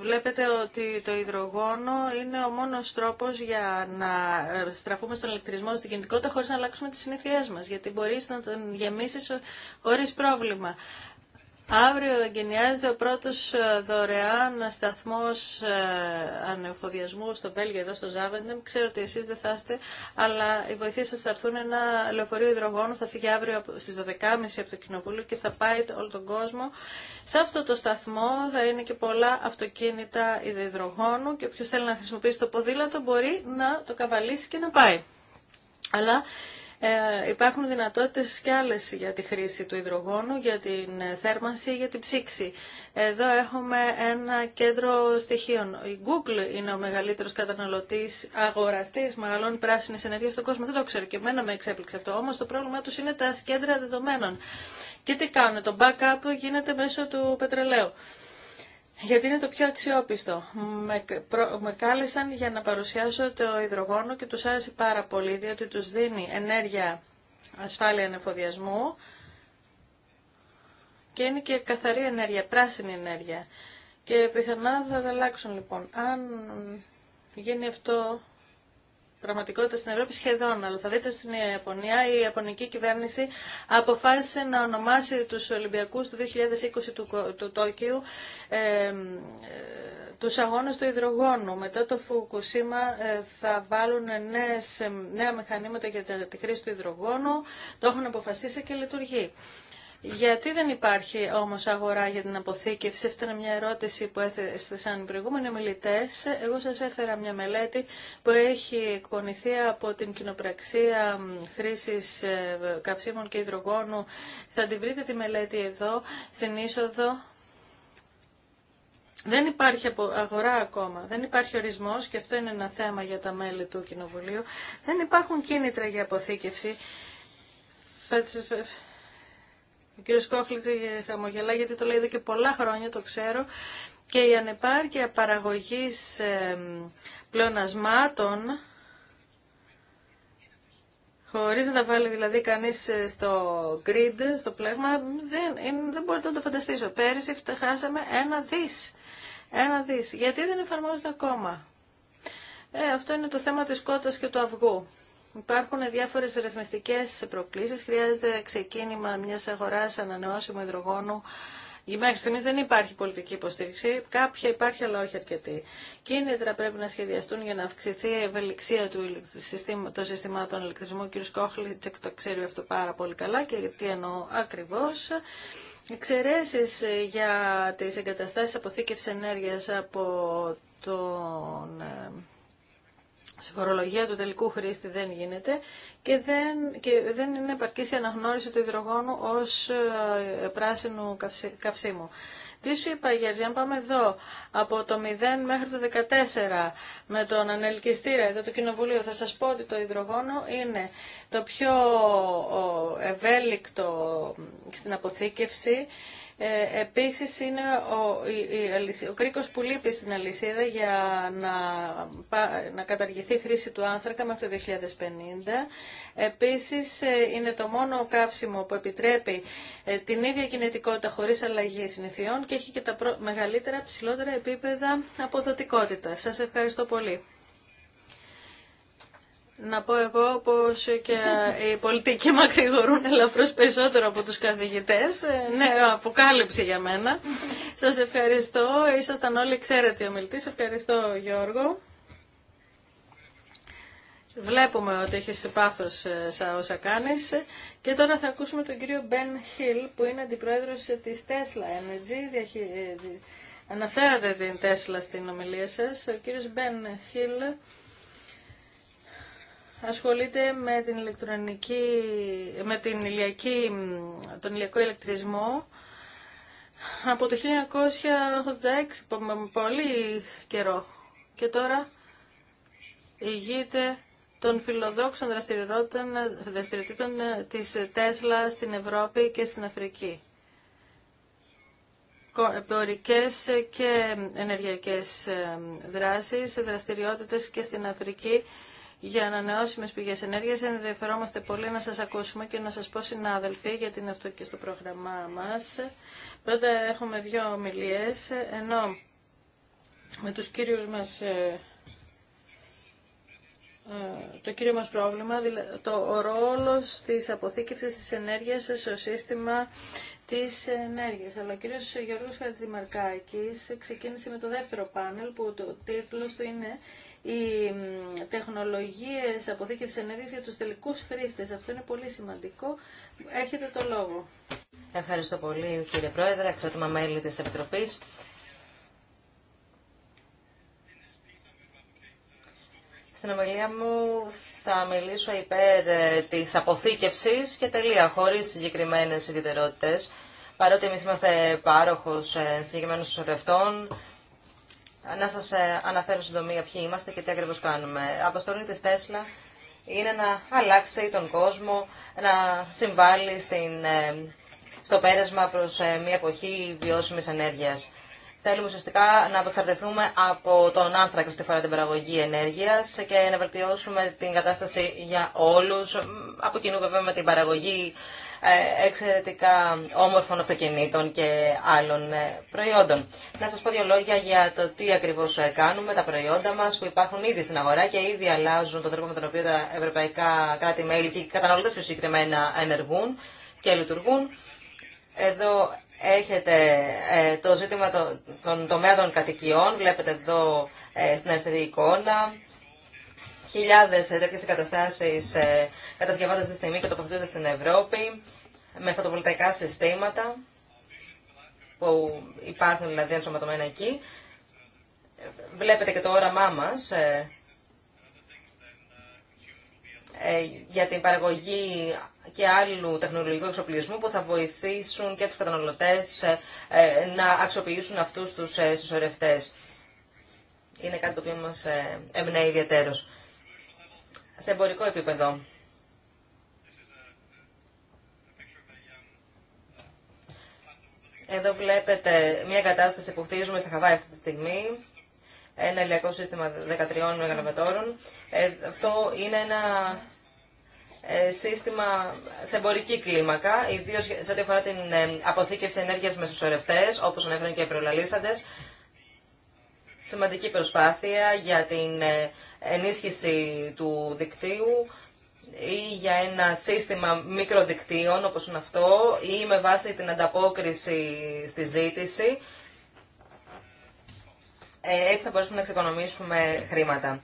Βλέπετε ότι το υδρογόνο είναι ο μόνος τρόπος για να στραφούμε στον ηλεκτρισμό, στην κινητικότητα, χωρίς να αλλάξουμε τις συνήθειέ μα, γιατί μπορεί να τον γεμίσεις χωρίς πρόβλημα. Αύριο εγκαινιάζεται ο πρώτος ε, δωρεάν σταθμός ε, ανεφοδιασμού στο Βέλγιο, εδώ στο Ζάβεντεμ. Ξέρω ότι εσείς δεν θα είστε, αλλά οι βοηθοί σας θα έρθουν ένα λεωφορείο υδρογόνου, θα φύγει αύριο στις 12.30 από το Κοινοβούλιο και θα πάει όλο τον κόσμο. Σε αυτό το σταθμό θα είναι και πολλά αυτοκίνητα υδρογόνου και όποιος θέλει να χρησιμοποιήσει το ποδήλατο μπορεί να το καβαλήσει και να πάει. Αλλά ε, υπάρχουν δυνατότητες και άλλες για τη χρήση του υδρογόνου, για την θέρμανση, για την ψήξη. Εδώ έχουμε ένα κέντρο στοιχείων. Η Google είναι ο μεγαλύτερος καταναλωτής, αγοραστής μάλλον, πράσινης ενέργειας στον κόσμο. Δεν το ξέρω και εμένα με εξέπληξε αυτό. Όμως το πρόβλημά τους είναι τα κέντρα δεδομένων. Και τι κάνουν, το backup γίνεται μέσω του πετρελαίου γιατί είναι το πιο αξιόπιστο. Με, με κάλεσαν για να παρουσιάσω το υδρογόνο και τους άρεσε πάρα πολύ, διότι τους δίνει ενέργεια ασφάλεια ανεφοδιασμού και είναι και καθαρή ενέργεια, πράσινη ενέργεια. Και πιθανά θα αλλάξουν λοιπόν. Αν γίνει αυτό πραγματικότητα στην Ευρώπη σχεδόν, αλλά θα δείτε στην Ιαπωνία, η Ιαπωνική κυβέρνηση αποφάσισε να ονομάσει τους Ολυμπιακούς του 2020 του, του Τόκιου ε, τους αγώνες του υδρογόνου. Μετά το Φουκουσίμα ε, θα βάλουν νέες, νέα μηχανήματα για τη χρήση του υδρογόνου. Το έχουν αποφασίσει και λειτουργεί. Γιατί δεν υπάρχει όμως αγορά για την αποθήκευση. Αυτή είναι μια ερώτηση που έθεσαν οι προηγούμενοι μιλητέ. Εγώ σας έφερα μια μελέτη που έχει εκπονηθεί από την κοινοπραξία χρήση ε, καυσίμων και υδρογόνου. Θα την βρείτε τη μελέτη εδώ, στην είσοδο. Δεν υπάρχει αγορά ακόμα, δεν υπάρχει ορισμός και αυτό είναι ένα θέμα για τα μέλη του Κοινοβουλίου. Δεν υπάρχουν κίνητρα για αποθήκευση. Ο κύριος Κόκλης ε, χαμογελά γιατί το λέει εδώ και πολλά χρόνια, το ξέρω. Και η ανεπάρκεια παραγωγής πλεονασμάτων, χωρίς να τα βάλει δηλαδή κανείς ε, στο grid, στο πλέγμα, δεν, δεν μπορείτε να το φανταστήσω. Πέρυσι χάσαμε ένα δις. Ένα δις. Γιατί δεν εφαρμόζεται ακόμα. Ε, αυτό είναι το θέμα της κότας και του αυγού. Υπάρχουν διάφορες ρυθμιστικές προκλήσεις. Χρειάζεται ξεκίνημα μιας αγοράς ανανεώσιμου υδρογόνου Μέχρι στιγμής δεν υπάρχει πολιτική υποστήριξη. Κάποια υπάρχει, αλλά όχι αρκετή. Κίνητρα πρέπει να σχεδιαστούν για να αυξηθεί η ευελιξία του συστήμα, των συστημάτων ηλεκτρισμού. Ο κ. Κόχλη το ξέρει αυτό πάρα πολύ καλά και τι εννοώ ακριβώ. Εξαιρέσει ε, για τις εγκαταστάσεις αποθήκευσης ενέργειας από τον ε, Στη φορολογία του τελικού χρήστη δεν γίνεται και δεν, και δεν είναι επαρκή η αναγνώριση του υδρογόνου ως ε, πράσινου καυσίμου. Τι σου είπα Γιάννη, αν πάμε εδώ από το 0 μέχρι το 14 με τον ανελκυστήρα εδώ του Κοινοβουλίου θα σας πω ότι το υδρογόνο είναι το πιο ευέλικτο στην αποθήκευση ε, επίσης είναι ο, η, κρίκος που λείπει στην αλυσίδα για να, να καταργηθεί η χρήση του άνθρακα μέχρι το 2050. Επίσης ε, είναι το μόνο καύσιμο που επιτρέπει ε, την ίδια κινητικότητα χωρίς αλλαγή συνηθιών και έχει και τα μεγαλύτερα ψηλότερα επίπεδα αποδοτικότητα. Σας ευχαριστώ πολύ. Να πω εγώ πως και οι πολιτικοί μακρηγορούν ελαφρώς περισσότερο από τους καθηγητές. Ε, ναι, αποκάλυψη για μένα. Σας ευχαριστώ. Ήσασταν όλοι ξέρετε ο Ευχαριστώ Γιώργο. Βλέπουμε ότι έχει πάθο ε, σε όσα κάνει. Και τώρα θα ακούσουμε τον κύριο Μπεν Χιλ, που είναι αντιπρόεδρο τη Tesla Energy. Ε, αναφέρατε την Tesla στην ομιλία σα. Ο κύριο Μπεν Χιλ ασχολείται με την ηλεκτρονική, με την ηλιακή, τον ηλιακό ηλεκτρισμό από το 1986, πολύ καιρό. Και τώρα ηγείται των φιλοδόξων δραστηριοτήτων, δραστηριοτήτων της Τέσλα στην Ευρώπη και στην Αφρική. Εμπορικές και ενεργειακές ε, δράσεις, δραστηριότητες και στην Αφρική για ανανεώσιμε πηγέ ενέργεια. Ενδιαφερόμαστε πολύ να σα ακούσουμε και να σα πω, συνάδελφοι, γιατί είναι αυτό και στο πρόγραμμά μα. Πρώτα έχουμε δύο ομιλίε, ενώ με τους κύριους μας ε, ε, το κύριο μας πρόβλημα, το, ο ρόλος της αποθήκευσης της ενέργειας στο σύστημα της ενέργειας. Αλλά ο κύριος Γιώργος Χατζημαρκάκης ξεκίνησε με το δεύτερο πάνελ που το τίτλος του είναι οι τεχνολογίες αποθήκευσης ενέργειας για τους τελικούς χρήστες. Αυτό είναι πολύ σημαντικό. Έχετε το λόγο. Ευχαριστώ πολύ κύριε Πρόεδρε, εξότιμα μέλη της Επιτροπής. Στην ομιλία μου θα μιλήσω υπέρ ε, της αποθήκευσης και τελεία, χωρίς συγκεκριμένες ιδιαιτερότητες. Παρότι εμείς είμαστε πάροχος ε, συγκεκριμένων συσσωρευτών, να σας ε, αναφέρω συντομία ποιοι είμαστε και τι ακριβώ κάνουμε. Αποστολή τη Τέσλα είναι να αλλάξει τον κόσμο, να συμβάλλει στην, ε, στο πέρασμα προς ε, μια εποχή βιώσιμης ενέργειας. Θέλουμε ουσιαστικά να απεξαρτηθούμε από τον άνθρακα στη φορά την παραγωγή ενέργειας και να βελτιώσουμε την κατάσταση για όλου. από κοινού βέβαια με την παραγωγή ε, εξαιρετικά όμορφων αυτοκινήτων και άλλων ε, προϊόντων. Να σας πω δύο λόγια για το τι ακριβώς ε, κάνουμε, τα προϊόντα μας που υπάρχουν ήδη στην αγορά και ήδη αλλάζουν τον τρόπο με τον οποίο τα ευρωπαϊκά κράτη-μέλη και οι καταναλωτές πιο συγκεκριμένα ενεργούν και λειτουργούν. Εδώ έχετε το ζήτημα των τομέα των κατοικιών, βλέπετε εδώ στην αριστερή εικόνα Χιλιάδε τέτοιε εγκαταστάσει ε, κατασκευάζονται αυτή τη στιγμή και τοποθετούνται στην Ευρώπη με φωτοβολταϊκά συστήματα που υπάρχουν δηλαδή ενσωματωμένα εκεί. Βλέπετε και το όραμά μας ε, ε, για την παραγωγή και άλλου τεχνολογικού εξοπλισμού που θα βοηθήσουν και τους καταναλωτές να αξιοποιήσουν αυτούς τους συσσωρευτές. Είναι κάτι το οποίο μας εμπνέει ιδιαίτερως σε εμπορικό επίπεδο. Εδώ βλέπετε μια κατάσταση που χτίζουμε στα Χαβάη αυτή τη στιγμή. Ένα ηλιακό σύστημα 13 μεγαλοβατόρων. Αυτό είναι ένα ε, σύστημα σε εμπορική κλίμακα, ιδίω σε ό,τι αφορά την ε, αποθήκευση ενέργειας με στου ορεφτές, όπως ανέφεραν και οι προλαλήσαντε. Σημαντική προσπάθεια για την ε, ενίσχυση του δικτύου ή για ένα σύστημα μικροδικτύων όπως είναι αυτό ή με βάση την ανταπόκριση στη ζήτηση. Ε, έτσι θα μπορέσουμε να εξοικονομήσουμε χρήματα.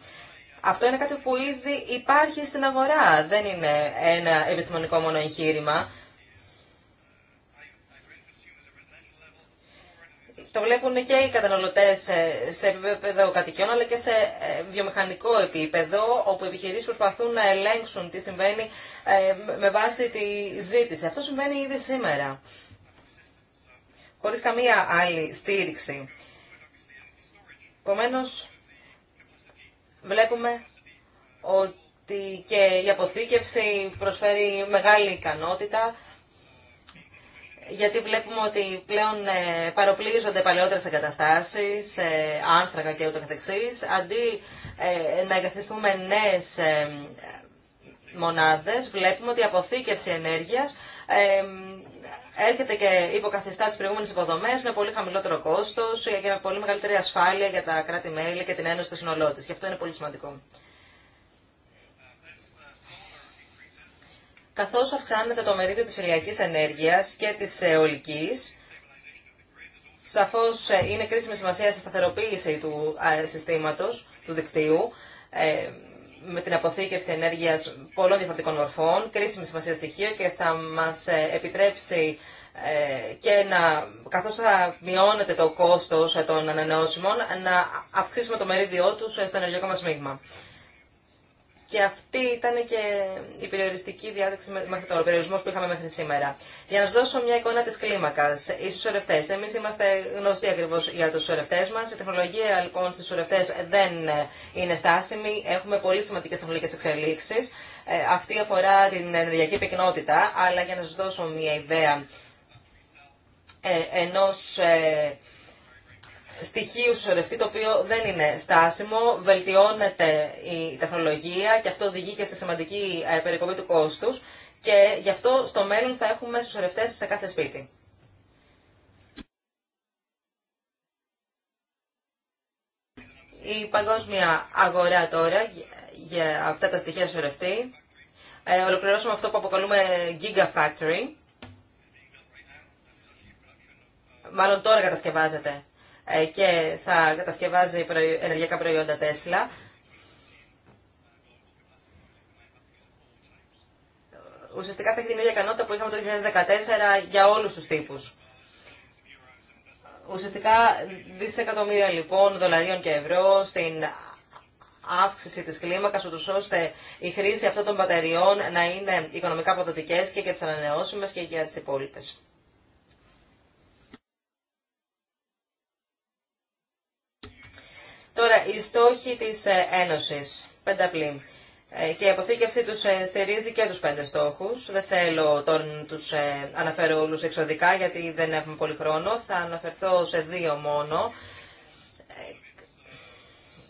Αυτό είναι κάτι που ήδη υπάρχει στην αγορά. Δεν είναι ένα επιστημονικό μόνο εγχείρημα. Το βλέπουν και οι καταναλωτέ σε επίπεδο κατοικιών, αλλά και σε ε, βιομηχανικό επίπεδο, όπου οι επιχειρήσει προσπαθούν να ελέγξουν τι συμβαίνει ε, με βάση τη ζήτηση. Αυτό συμβαίνει ήδη σήμερα. Χωρί καμία άλλη στήριξη. Επομένω, βλέπουμε ότι και η αποθήκευση προσφέρει μεγάλη ικανότητα γιατί βλέπουμε ότι πλέον ε, παροπλίζονται παλαιότερες εγκαταστάσεις, ε, άνθρακα και ούτω καθεξής, αντί ε, να εγκαθιστούμε νέες μονάδες, βλέπουμε ότι η αποθήκευση ενέργειας έρχεται και υποκαθιστά τις προηγούμενες υποδομές με πολύ χαμηλότερο κόστος και με πολύ μεγαλύτερη ασφάλεια για τα κράτη-μέλη και την Ένωση του συνολό Και αυτό είναι πολύ σημαντικό. καθώς αυξάνεται το μερίδιο της ηλιακής ενέργειας και της αιωλικής. Ε, σαφώς ε, είναι κρίσιμη σημασία στη σταθεροποίηση του συστήματος, του δικτύου, ε, με την αποθήκευση ενέργειας πολλών διαφορετικών μορφών, κρίσιμη σημασία στοιχείο και θα μας επιτρέψει και να, καθώς θα μειώνεται το κόστος των ανανεώσιμων, να αυξήσουμε το μερίδιό τους στο ενεργειακό μας μείγμα. Και αυτή ήταν και η περιοριστική διάταξη μέχρι τώρα, ο περιορισμό που είχαμε μέχρι σήμερα. Για να σα δώσω μια εικόνα τη κλίμακα, οι συσσωρευτέ. Εμεί είμαστε γνωστοί ακριβώ για του συσσωρευτέ μα. Η τεχνολογία λοιπόν στι συσσωρευτέ δεν ε, είναι στάσιμη. Έχουμε πολύ σημαντικέ τεχνολογικέ εξελίξει. Ε, αυτή αφορά την ενεργειακή πυκνότητα, αλλά για να σα δώσω μια ιδέα ε, ενό στοιχείου σωρευτή, το οποίο δεν είναι στάσιμο, βελτιώνεται η τεχνολογία και αυτό οδηγεί και σε σημαντική ε, περικοπή του κόστους και γι' αυτό στο μέλλον θα έχουμε συσσωρευτές σε κάθε σπίτι. Η παγκόσμια αγορά τώρα για αυτά τα στοιχεία συσσωρευτή. Ε, ολοκληρώσαμε αυτό που αποκαλούμε Gigafactory. Μάλλον τώρα κατασκευάζεται ε, και θα κατασκευάζει ενεργειακά προϊόντα Τέσλα. Ουσιαστικά θα έχει την ίδια ικανότητα που είχαμε το 2014 για όλους τους τύπους. Ουσιαστικά δισεκατομμύρια λοιπόν δολαρίων και ευρώ στην αύξηση της κλίμακας, ούτως ώστε η χρήση αυτών των μπαταριών να είναι οικονομικά αποδοτικές και για τις ανανεώσιμες και για τις υπόλοιπες. Τώρα, οι στόχοι της ε, Ένωσης, πενταπλή. Ε, και η αποθήκευση τους ε, στηρίζει και τους πέντε στόχους. Δεν θέλω να τους αναφέρω όλους εξωδικά γιατί δεν έχουμε πολύ χρόνο. Θα αναφερθώ σε δύο μόνο.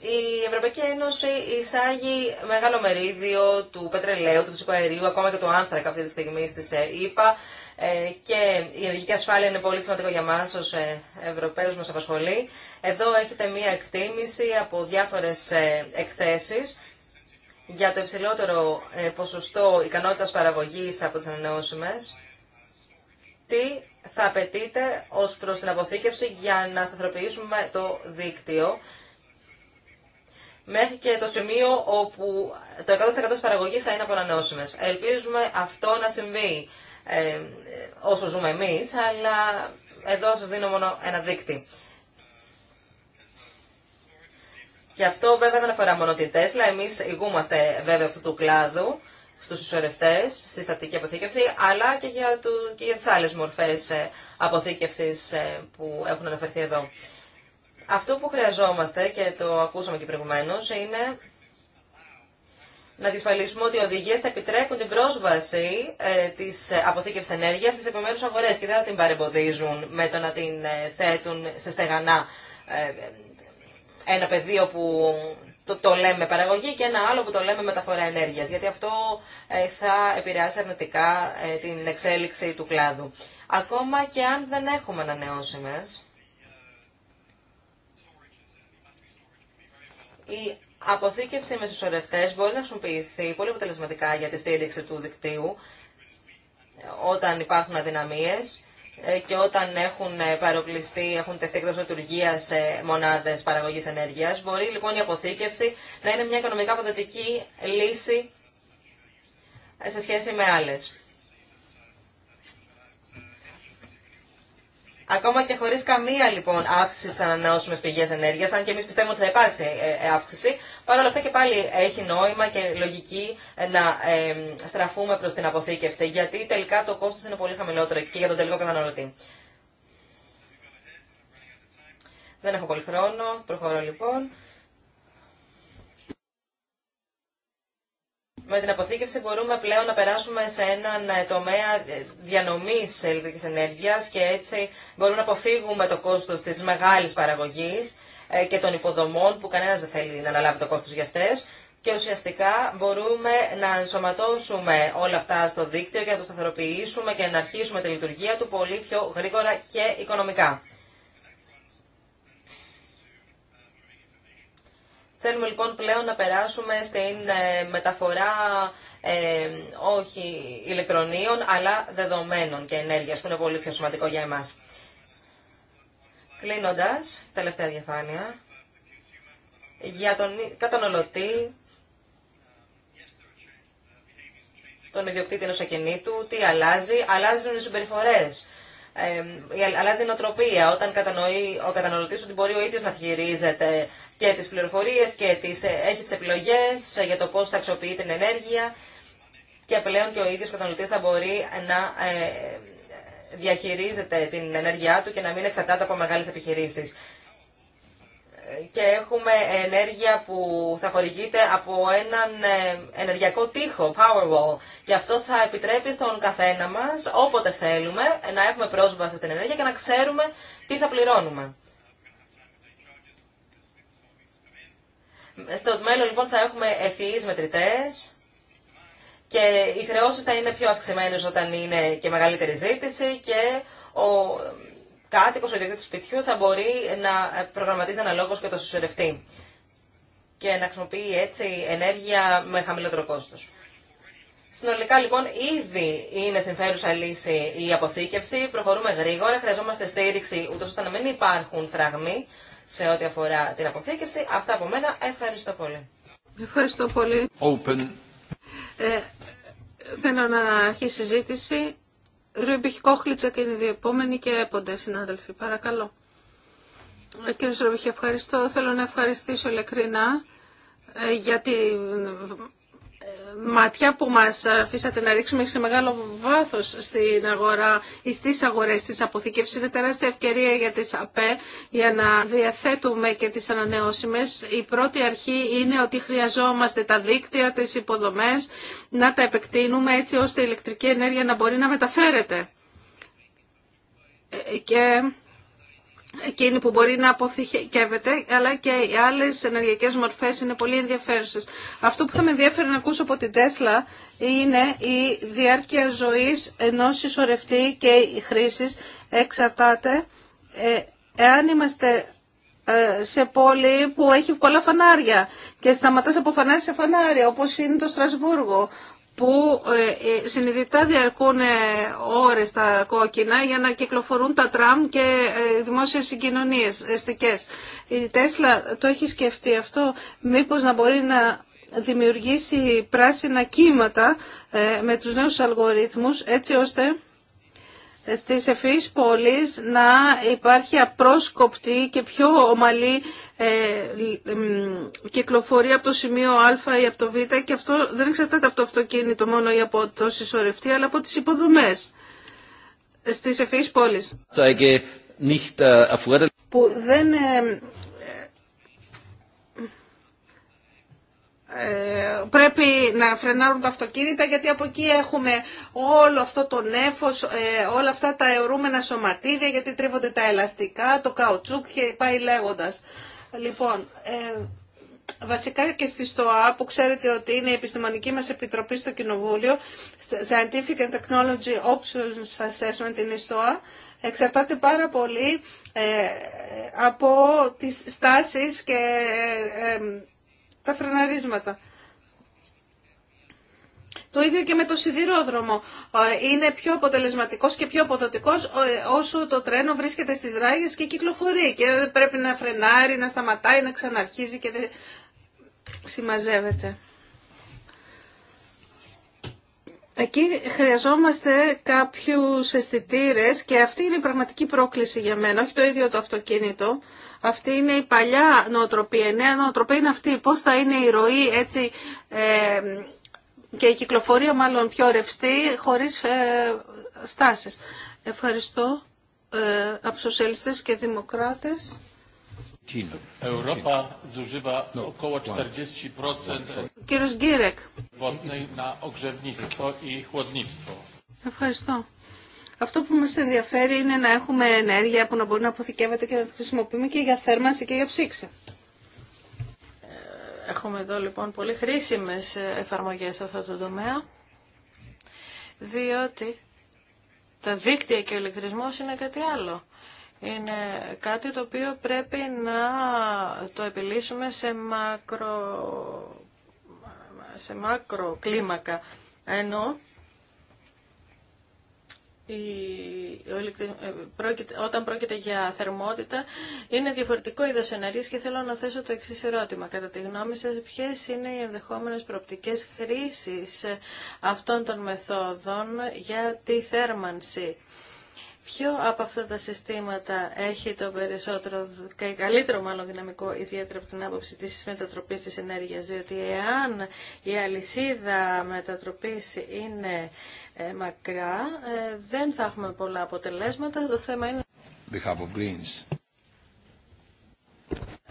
Η Ευρωπαϊκή Ένωση εισάγει μεγάλο μερίδιο του πετρελαίου, του φυσικού ακόμα και του άνθρακα αυτή τη στιγμή στις ΕΕ. Ε, και η ενεργική ασφάλεια είναι πολύ σημαντικό για μας ως ε, Ευρωπαίους, μας απασχολεί. Εδώ έχετε μία εκτίμηση από διάφορες ε, εκθέσεις για το υψηλότερο ποσοστό ικανότητας παραγωγής από τις ανανεώσιμες. Τι θα απαιτείται ως προς την αποθήκευση για να σταθεροποιήσουμε το δίκτυο μέχρι και το σημείο όπου το 100% της παραγωγής θα είναι από ανανεώσιμες. Ελπίζουμε αυτό να συμβεί ε, όσο ζούμε εμείς, αλλά εδώ σας δίνω μόνο ένα δείκτη. Γι' αυτό βέβαια δεν αφορά μόνο τη Τέσλα, εμείς ηγούμαστε βέβαια αυτού του κλάδου στους συσσωρευτές, στη στατική αποθήκευση, αλλά και για, του, και για τις άλλες μορφές ε, αποθήκευσης ε, που έχουν αναφερθεί εδώ. Αυτό που χρειαζόμαστε, και το ακούσαμε και προηγουμένως, είναι να διασφαλίσουμε ότι οι οδηγίε θα επιτρέπουν την πρόσβαση ε, τη αποθήκευση ενέργεια στι επιμέρου αγορέ και δεν θα την παρεμποδίζουν με το να την ε, θέτουν σε στεγανά ε, ένα πεδίο που το, λέμε παραγωγή και ένα άλλο που το λέμε μεταφορά ενέργειας, γιατί αυτό ε, θα επηρεάσει αρνητικά την εξέλιξη του κλάδου. Ακόμα και αν δεν έχουμε ανανεώσιμε αποθήκευση με συσσωρευτές μπορεί να χρησιμοποιηθεί πολύ αποτελεσματικά για τη στήριξη του δικτύου όταν υπάρχουν αδυναμίες ε, και όταν έχουν ε, παροπληστεί, έχουν τεθεί εκτός λειτουργία σε μονάδες παραγωγής ενέργειας. Μπορεί λοιπόν η αποθήκευση να είναι μια οικονομικά αποδοτική λύση ε, σε σχέση με άλλες. Ακόμα και χωρί καμία λοιπόν αύξηση στι ανανεώσιμε πηγέ ενέργειας, αν και εμείς πιστεύουμε ότι θα υπάρξει ε, ε, αύξηση, παρόλα αυτά και πάλι έχει νόημα και λογική ε, να στραφούμε προς την αποθήκευση, γιατί τελικά το κόστος είναι πολύ χαμηλότερο και για τον τελικό καταναλωτή. Δεν έχω πολύ χρόνο, προχωρώ λοιπόν. Με την αποθήκευση μπορούμε πλέον να περάσουμε σε έναν ε, τομέα ε, διανομής ηλεκτρικής ενέργειας και έτσι μπορούμε να αποφύγουμε το κόστος της μεγάλης παραγωγής ε, και των υποδομών που κανένας δεν θέλει να αναλάβει το κόστος για αυτές και ουσιαστικά μπορούμε να ενσωματώσουμε όλα αυτά στο δίκτυο και να το σταθεροποιήσουμε και να αρχίσουμε τη λειτουργία του πολύ πιο γρήγορα και οικονομικά. Θέλουμε λοιπόν πλέον να περάσουμε στην ε, μεταφορά ε, όχι ηλεκτρονίων αλλά δεδομένων και ενέργειας που είναι πολύ πιο σημαντικό για εμάς. Κλείνοντας, τελευταία διαφάνεια, για τον κατανολωτή, τον ιδιοκτήτη ενός ακινήτου, τι αλλάζει, αλλάζουν οι συμπεριφορές ε, αλλάζει η νοοτροπία όταν κατανοεί ο καταναλωτής ότι μπορεί ο ίδιος να χειρίζεται και τις πληροφορίες και τις, ε, έχει τις επιλογές για το πώς θα αξιοποιεί την ενέργεια και πλέον και ο ίδιος ο θα μπορεί να ε, ε, διαχειρίζεται την ενέργειά του και να μην εξαρτάται από μεγάλες επιχειρήσεις και έχουμε ενέργεια που θα χορηγείται από έναν ε, ενεργειακό τοίχο, wall, Και αυτό θα επιτρέπει στον καθένα μας, όποτε θέλουμε, να έχουμε πρόσβαση στην ενέργεια και να ξέρουμε τι θα πληρώνουμε. Στο μέλλον λοιπόν θα έχουμε ευφυείς μετρητές και οι χρεώσει θα είναι πιο αυξημένε όταν είναι και μεγαλύτερη ζήτηση και ο κάτι που στο ιδιοκτήτη του σπιτιού θα μπορεί να προγραμματίζει αναλόγως και το συσσωρευτή και να χρησιμοποιεί έτσι ενέργεια με χαμηλότερο κόστο. Συνολικά λοιπόν ήδη είναι συμφέρουσα λύση η αποθήκευση, προχωρούμε γρήγορα, χρειαζόμαστε στήριξη ούτω ώστε να μην υπάρχουν φραγμοί σε ό,τι αφορά την αποθήκευση. Αυτά από μένα, ευχαριστώ πολύ. Ευχαριστώ πολύ. Ε, θέλω να αρχίσει συζήτηση. Ρουμπιχ Κόχλιτσα και είναι οι και έπονται συνάδελφοι. Παρακαλώ. Ε, Κύριε Ρουμπιχ, ευχαριστώ. Θέλω να ευχαριστήσω ειλικρινά ε, για τη ματιά που μας αφήσατε να ρίξουμε σε μεγάλο βάθος στην αγορά ή στις αγορές της αποθηκεύσης είναι τεράστια ευκαιρία για τις ΑΠΕ για να διαθέτουμε και τις ανανεώσιμες. Η πρώτη αρχή είναι ότι χρειαζόμαστε τα δίκτυα, τις υποδομές, να τα επεκτείνουμε έτσι ώστε η ηλεκτρική ενέργεια να μπορεί να μεταφέρεται. Ε, και εκείνη που μπορεί να αποθηκεύεται, αλλά και οι άλλες ενεργειακές μορφές είναι πολύ ενδιαφέρουσες. Αυτό που θα με ενδιαφέρει να ακούσω από την Τέσλα είναι η διάρκεια ζωή ενό συσσωρευτή και η χρήση εξαρτάται ε, εάν είμαστε ε, σε πόλη που έχει πολλά φανάρια και σταματάς από φανάρι σε φανάρι, όπως είναι το Στρασβούργο, που ε, ε, συνειδητά διαρκούν ε, ώρες τα κόκκινα για να κυκλοφορούν τα τραμ και δημόσιες συγκοινωνίες εστικές. Η Τέσλα το έχει σκεφτεί αυτό, μήπως να μπορεί να δημιουργήσει πράσινα κύματα με τους νέους αλγορίθμους έτσι ώστε στις ευφυείς πόλεις να υπάρχει απρόσκοπτη και πιο ομαλή ε, κυκλοφορία από το σημείο Α ή από το Β και αυτό δεν εξαρτάται από το αυτοκίνητο μόνο ή από το συσσωρευτή αλλά από τις υποδομές στις ευφυείς πόλεις äh, που δεν ε, Ε, πρέπει να φρενάρουν τα αυτοκίνητα γιατί από εκεί έχουμε όλο αυτό το νέφος, ε, όλα αυτά τα αιωρούμενα σωματίδια γιατί τρίβονται τα ελαστικά, το καουτσούκ και πάει λέγοντας. Λοιπόν, ε, βασικά και στη ΣΤΟΑ που ξέρετε ότι είναι η επιστημονική μας επιτροπή στο Κοινοβούλιο, Scientific and Technology Options Assessment είναι η ΣΤΟΑ, εξαρτάται πάρα πολύ από τις στάσεις και τα φρεναρίσματα. Το ίδιο και με το σιδηρόδρομο. Ε, είναι πιο αποτελεσματικός και πιο αποδοτικός ε, όσο το τρένο βρίσκεται στις ράγες και κυκλοφορεί και δεν πρέπει να φρενάρει, να σταματάει, να ξαναρχίζει και δεν συμμαζεύεται. Εκεί χρειαζόμαστε κάποιους αισθητήρε και αυτή είναι η πραγματική πρόκληση για μένα, όχι το ίδιο το αυτοκίνητο, αυτή είναι η παλιά νοοτροπία. Η νέα νοοτροπία είναι αυτή. Πώς θα είναι η ροή έτσι ε, και η κυκλοφορία μάλλον πιο ρευστή χωρίς ε, στάσεις. Ευχαριστώ ε, από σοσιαλιστές και δημοκράτες. Ευρώπα 40% Κύριος Γκίρεκ. Ευχαριστώ. Αυτό που μας ενδιαφέρει είναι να έχουμε ενέργεια που να μπορεί να αποθηκεύεται και να τη χρησιμοποιούμε και για θέρμανση και για ψήξη. Ε, έχουμε εδώ λοιπόν πολύ χρήσιμες ε, εφαρμογές σε αυτό το τομέα, διότι τα δίκτυα και ο ηλεκτρισμός είναι κάτι άλλο. Είναι κάτι το οποίο πρέπει να το επιλύσουμε σε μακρο, σε μακρο κλίμακα. Ενώ ε, όταν πρόκειται για θερμότητα είναι διαφορετικό είδο ενέργειας και θέλω να θέσω το εξής ερώτημα. Κατά τη γνώμη σας, ποιες είναι οι ενδεχόμενες προοπτικές χρήσης αυτών των μεθόδων για τη θέρμανση. Ποιο από αυτά τα συστήματα έχει το περισσότερο και καλύτερο μάλλον δυναμικό ιδιαίτερα από την άποψη της μετατροπής της ενέργειας διότι εάν η αλυσίδα μετατροπής είναι ε, μακρά ε, δεν θα έχουμε πολλά αποτελέσματα. Το θέμα είναι... Greens.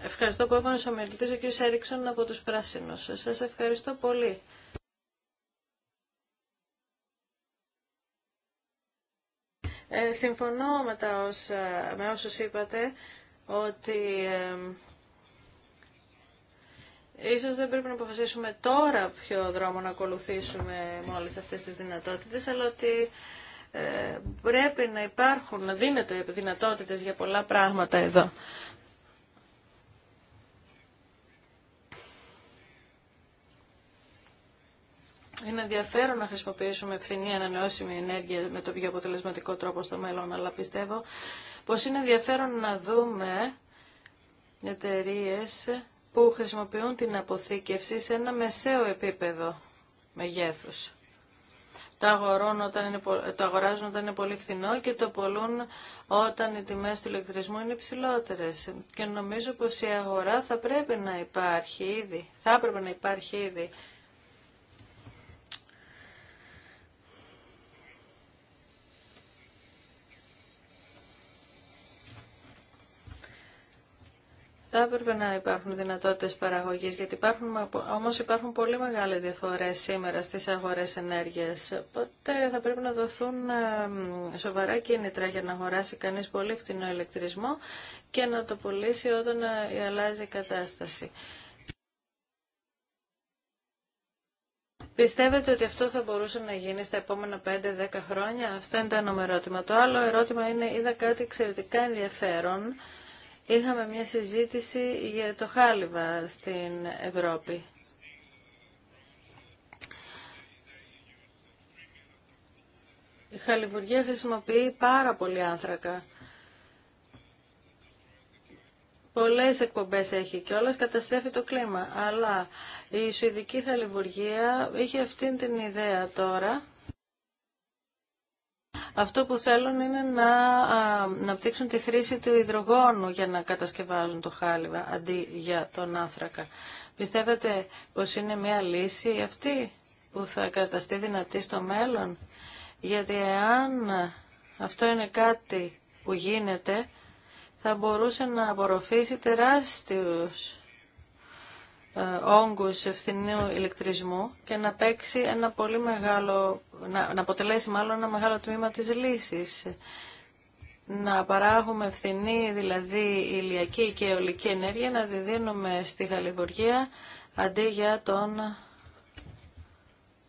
Ευχαριστώ που έπανε ο ο κ. από τους Πράσινους. Σας ευχαριστώ πολύ. Ε, συμφωνώ με, τα με όσους είπατε ότι ε, ίσως δεν πρέπει να αποφασίσουμε τώρα ποιο δρόμο να ακολουθήσουμε με όλες αυτές τις δυνατότητες, αλλά ότι ε, πρέπει να υπάρχουν, να δίνεται δυνατότητες για πολλά πράγματα εδώ. Είναι ενδιαφέρον να χρησιμοποιήσουμε φθηνή ανανεώσιμη ενέργεια με το πιο αποτελεσματικό τρόπο στο μέλλον, αλλά πιστεύω πως είναι ενδιαφέρον να δούμε εταιρείε που χρησιμοποιούν την αποθήκευση σε ένα μεσαίο επίπεδο μεγέθους. Το, όταν είναι, το αγοράζουν όταν είναι πολύ φθηνό και το πολλούν όταν οι τιμές του ηλεκτρισμού είναι υψηλότερες. Και νομίζω πως η αγορά θα πρέπει να υπάρχει ήδη, θα έπρεπε να υπάρχει ήδη θα έπρεπε να υπάρχουν δυνατότητες παραγωγής, γιατί υπάρχουν, όμως υπάρχουν πολύ μεγάλες διαφορές σήμερα στις αγορές ενέργειας. Οπότε θα πρέπει να δοθούν σοβαρά κίνητρα για να αγοράσει κανείς πολύ φθηνό ηλεκτρισμό και να το πουλήσει όταν ε, αλλάζει η κατάσταση. Πιστεύετε ότι αυτό θα μπορούσε να γίνει στα επόμενα 5-10 χρόνια. Αυτό είναι το ένα ερώτημα. Το άλλο ερώτημα είναι, είδα κάτι εξαιρετικά ενδιαφέρον είχαμε μια συζήτηση για το χάλιβα στην Ευρώπη. Η χαλιβουργία χρησιμοποιεί πάρα πολύ άνθρακα. Πολλές εκπομπές έχει και καταστρέφει το κλίμα. Αλλά η Σουηδική Χαλιβουργία είχε αυτήν την ιδέα τώρα αυτό που θέλουν είναι να αναπτύξουν τη χρήση του υδρογόνου για να κατασκευάζουν το χάλιβα αντί για τον άνθρακα. Πιστεύετε πως είναι μια λύση αυτή που θα καταστεί δυνατή στο μέλλον. Γιατί εάν αυτό είναι κάτι που γίνεται θα μπορούσε να απορροφήσει τεράστιους ε, όγκους ευθυνού ηλεκτρισμού και να παίξει ένα πολύ μεγάλο, να, να αποτελέσει μάλλον ένα μεγάλο τμήμα της λύσης. Να παράγουμε ευθυνή, δηλαδή ηλιακή και ολική ενέργεια, να τη δίνουμε στη Γαλλιβουργία αντί για τον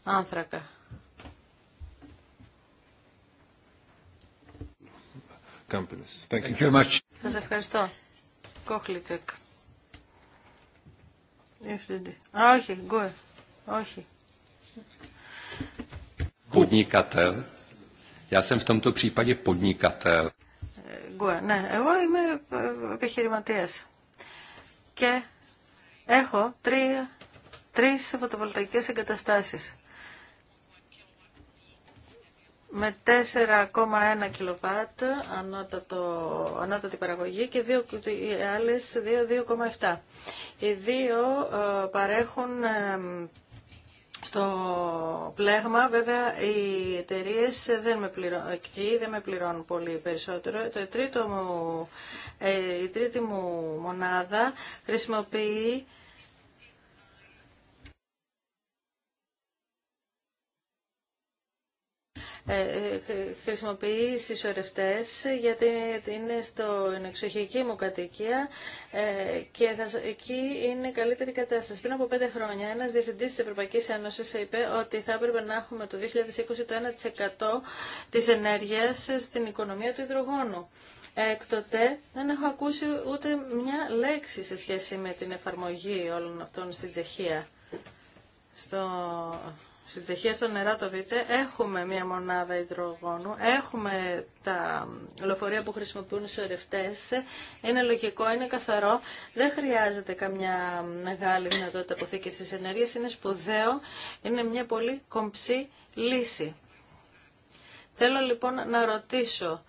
άνθρακα. Thank Σας ευχαριστώ. Α, όχι, γκουε. Όχι. Ε, ναι. Εγώ είμαι ε, επιχειρηματία. Και έχω τρία, τρεις φωτοβολταϊκές εγκαταστάσεις με 4,1 κιλοβάτ ανώτατο, ανώτατη παραγωγή και δύο, οι άλλες 2,7. Οι δύο ε, παρέχουν στο πλέγμα βέβαια οι εταιρείε δεν, με δεν με πληρώνουν πολύ περισσότερο. Το τρίτο μου, ε, η τρίτη μου μονάδα χρησιμοποιεί Ε, ε, χρησιμοποιεί συσσωρευτές γιατί είναι στο εξοχική μου κατοικία ε, και εκεί είναι καλύτερη κατάσταση. Πριν από πέντε χρόνια ένας διευθυντής της Ευρωπαϊκής Ένωσης είπε ότι θα έπρεπε να έχουμε το 2020 το 1% της ενέργειας στην οικονομία του υδρογόνου. Έκτοτε δεν έχω ακούσει ούτε μια λέξη σε σχέση με την εφαρμογή όλων αυτών στην Τσεχία. Στο στην Τσεχία, στο Νεράτοβιτσε, έχουμε μία μονάδα υδρογόνου, έχουμε τα λεωφορεία που χρησιμοποιούν οι Είναι λογικό, είναι καθαρό, δεν χρειάζεται καμιά μεγάλη δυνατότητα αποθήκευσης ενέργειας, είναι σπουδαίο, είναι μια πολύ κομψή λύση. Θέλω λοιπόν να ρωτήσω,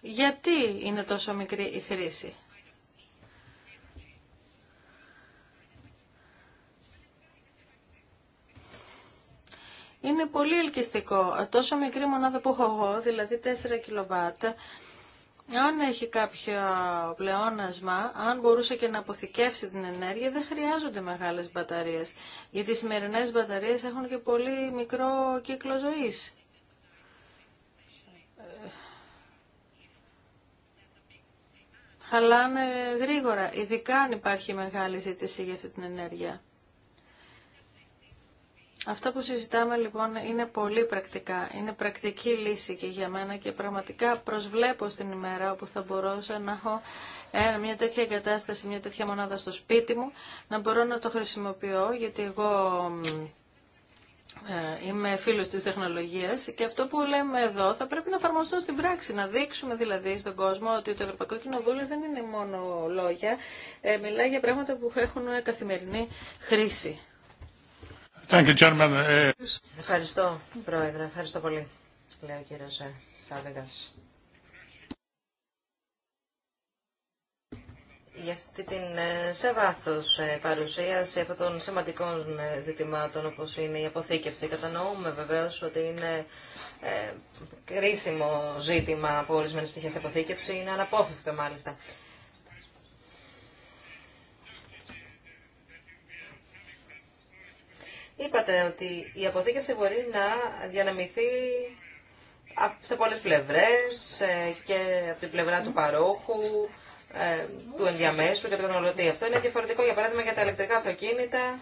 γιατί είναι τόσο μικρή η χρήση. είναι πολύ ελκυστικό. Τόσο μικρή μονάδα που έχω εγώ, δηλαδή 4 κιλοβάτα, αν έχει κάποιο πλεόνασμα, αν μπορούσε και να αποθηκεύσει την ενέργεια, δεν χρειάζονται μεγάλες μπαταρίες. Γιατί οι σημερινές μπαταρίες έχουν και πολύ μικρό κύκλο ζωής. Χαλάνε γρήγορα, ειδικά αν υπάρχει μεγάλη ζήτηση για αυτή την ενέργεια. Αυτά που συζητάμε λοιπόν είναι πολύ πρακτικά. Είναι πρακτική λύση και για μένα και πραγματικά προσβλέπω στην ημέρα όπου θα μπορούσα να έχω ε, μια τέτοια κατάσταση, μια τέτοια μονάδα στο σπίτι μου, να μπορώ να το χρησιμοποιώ γιατί εγώ ε, είμαι φίλος της τεχνολογίας και αυτό που λέμε εδώ θα πρέπει να εφαρμοστώ στην πράξη, να δείξουμε δηλαδή στον κόσμο ότι το Ευρωπαϊκό Κοινοβούλιο δεν είναι μόνο λόγια, ε, μιλάει για πράγματα που έχουν καθημερινή χρήση. Ε, Ευχαριστώ, Πρόεδρε. Ευχαριστώ πολύ, λέει ο κύριο ε, Σάβεγκα. για αυτή την ε, σε βάθος παρουσίαση αυτών των σημαντικών ζητημάτων όπως είναι η αποθήκευση. Κατανοούμε βεβαίω ότι είναι κρίσιμο ζήτημα από ορισμένε πτυχές αποθήκευση, είναι αναπόφευκτο μάλιστα. Είπατε ότι η αποθήκευση μπορεί να διαναμηθεί σε πολλές πλευρές ε, και από την πλευρά του παρόχου, ε, του ενδιαμέσου και του καταναλωτή. Αυτό είναι διαφορετικό για παράδειγμα για τα ηλεκτρικά αυτοκίνητα.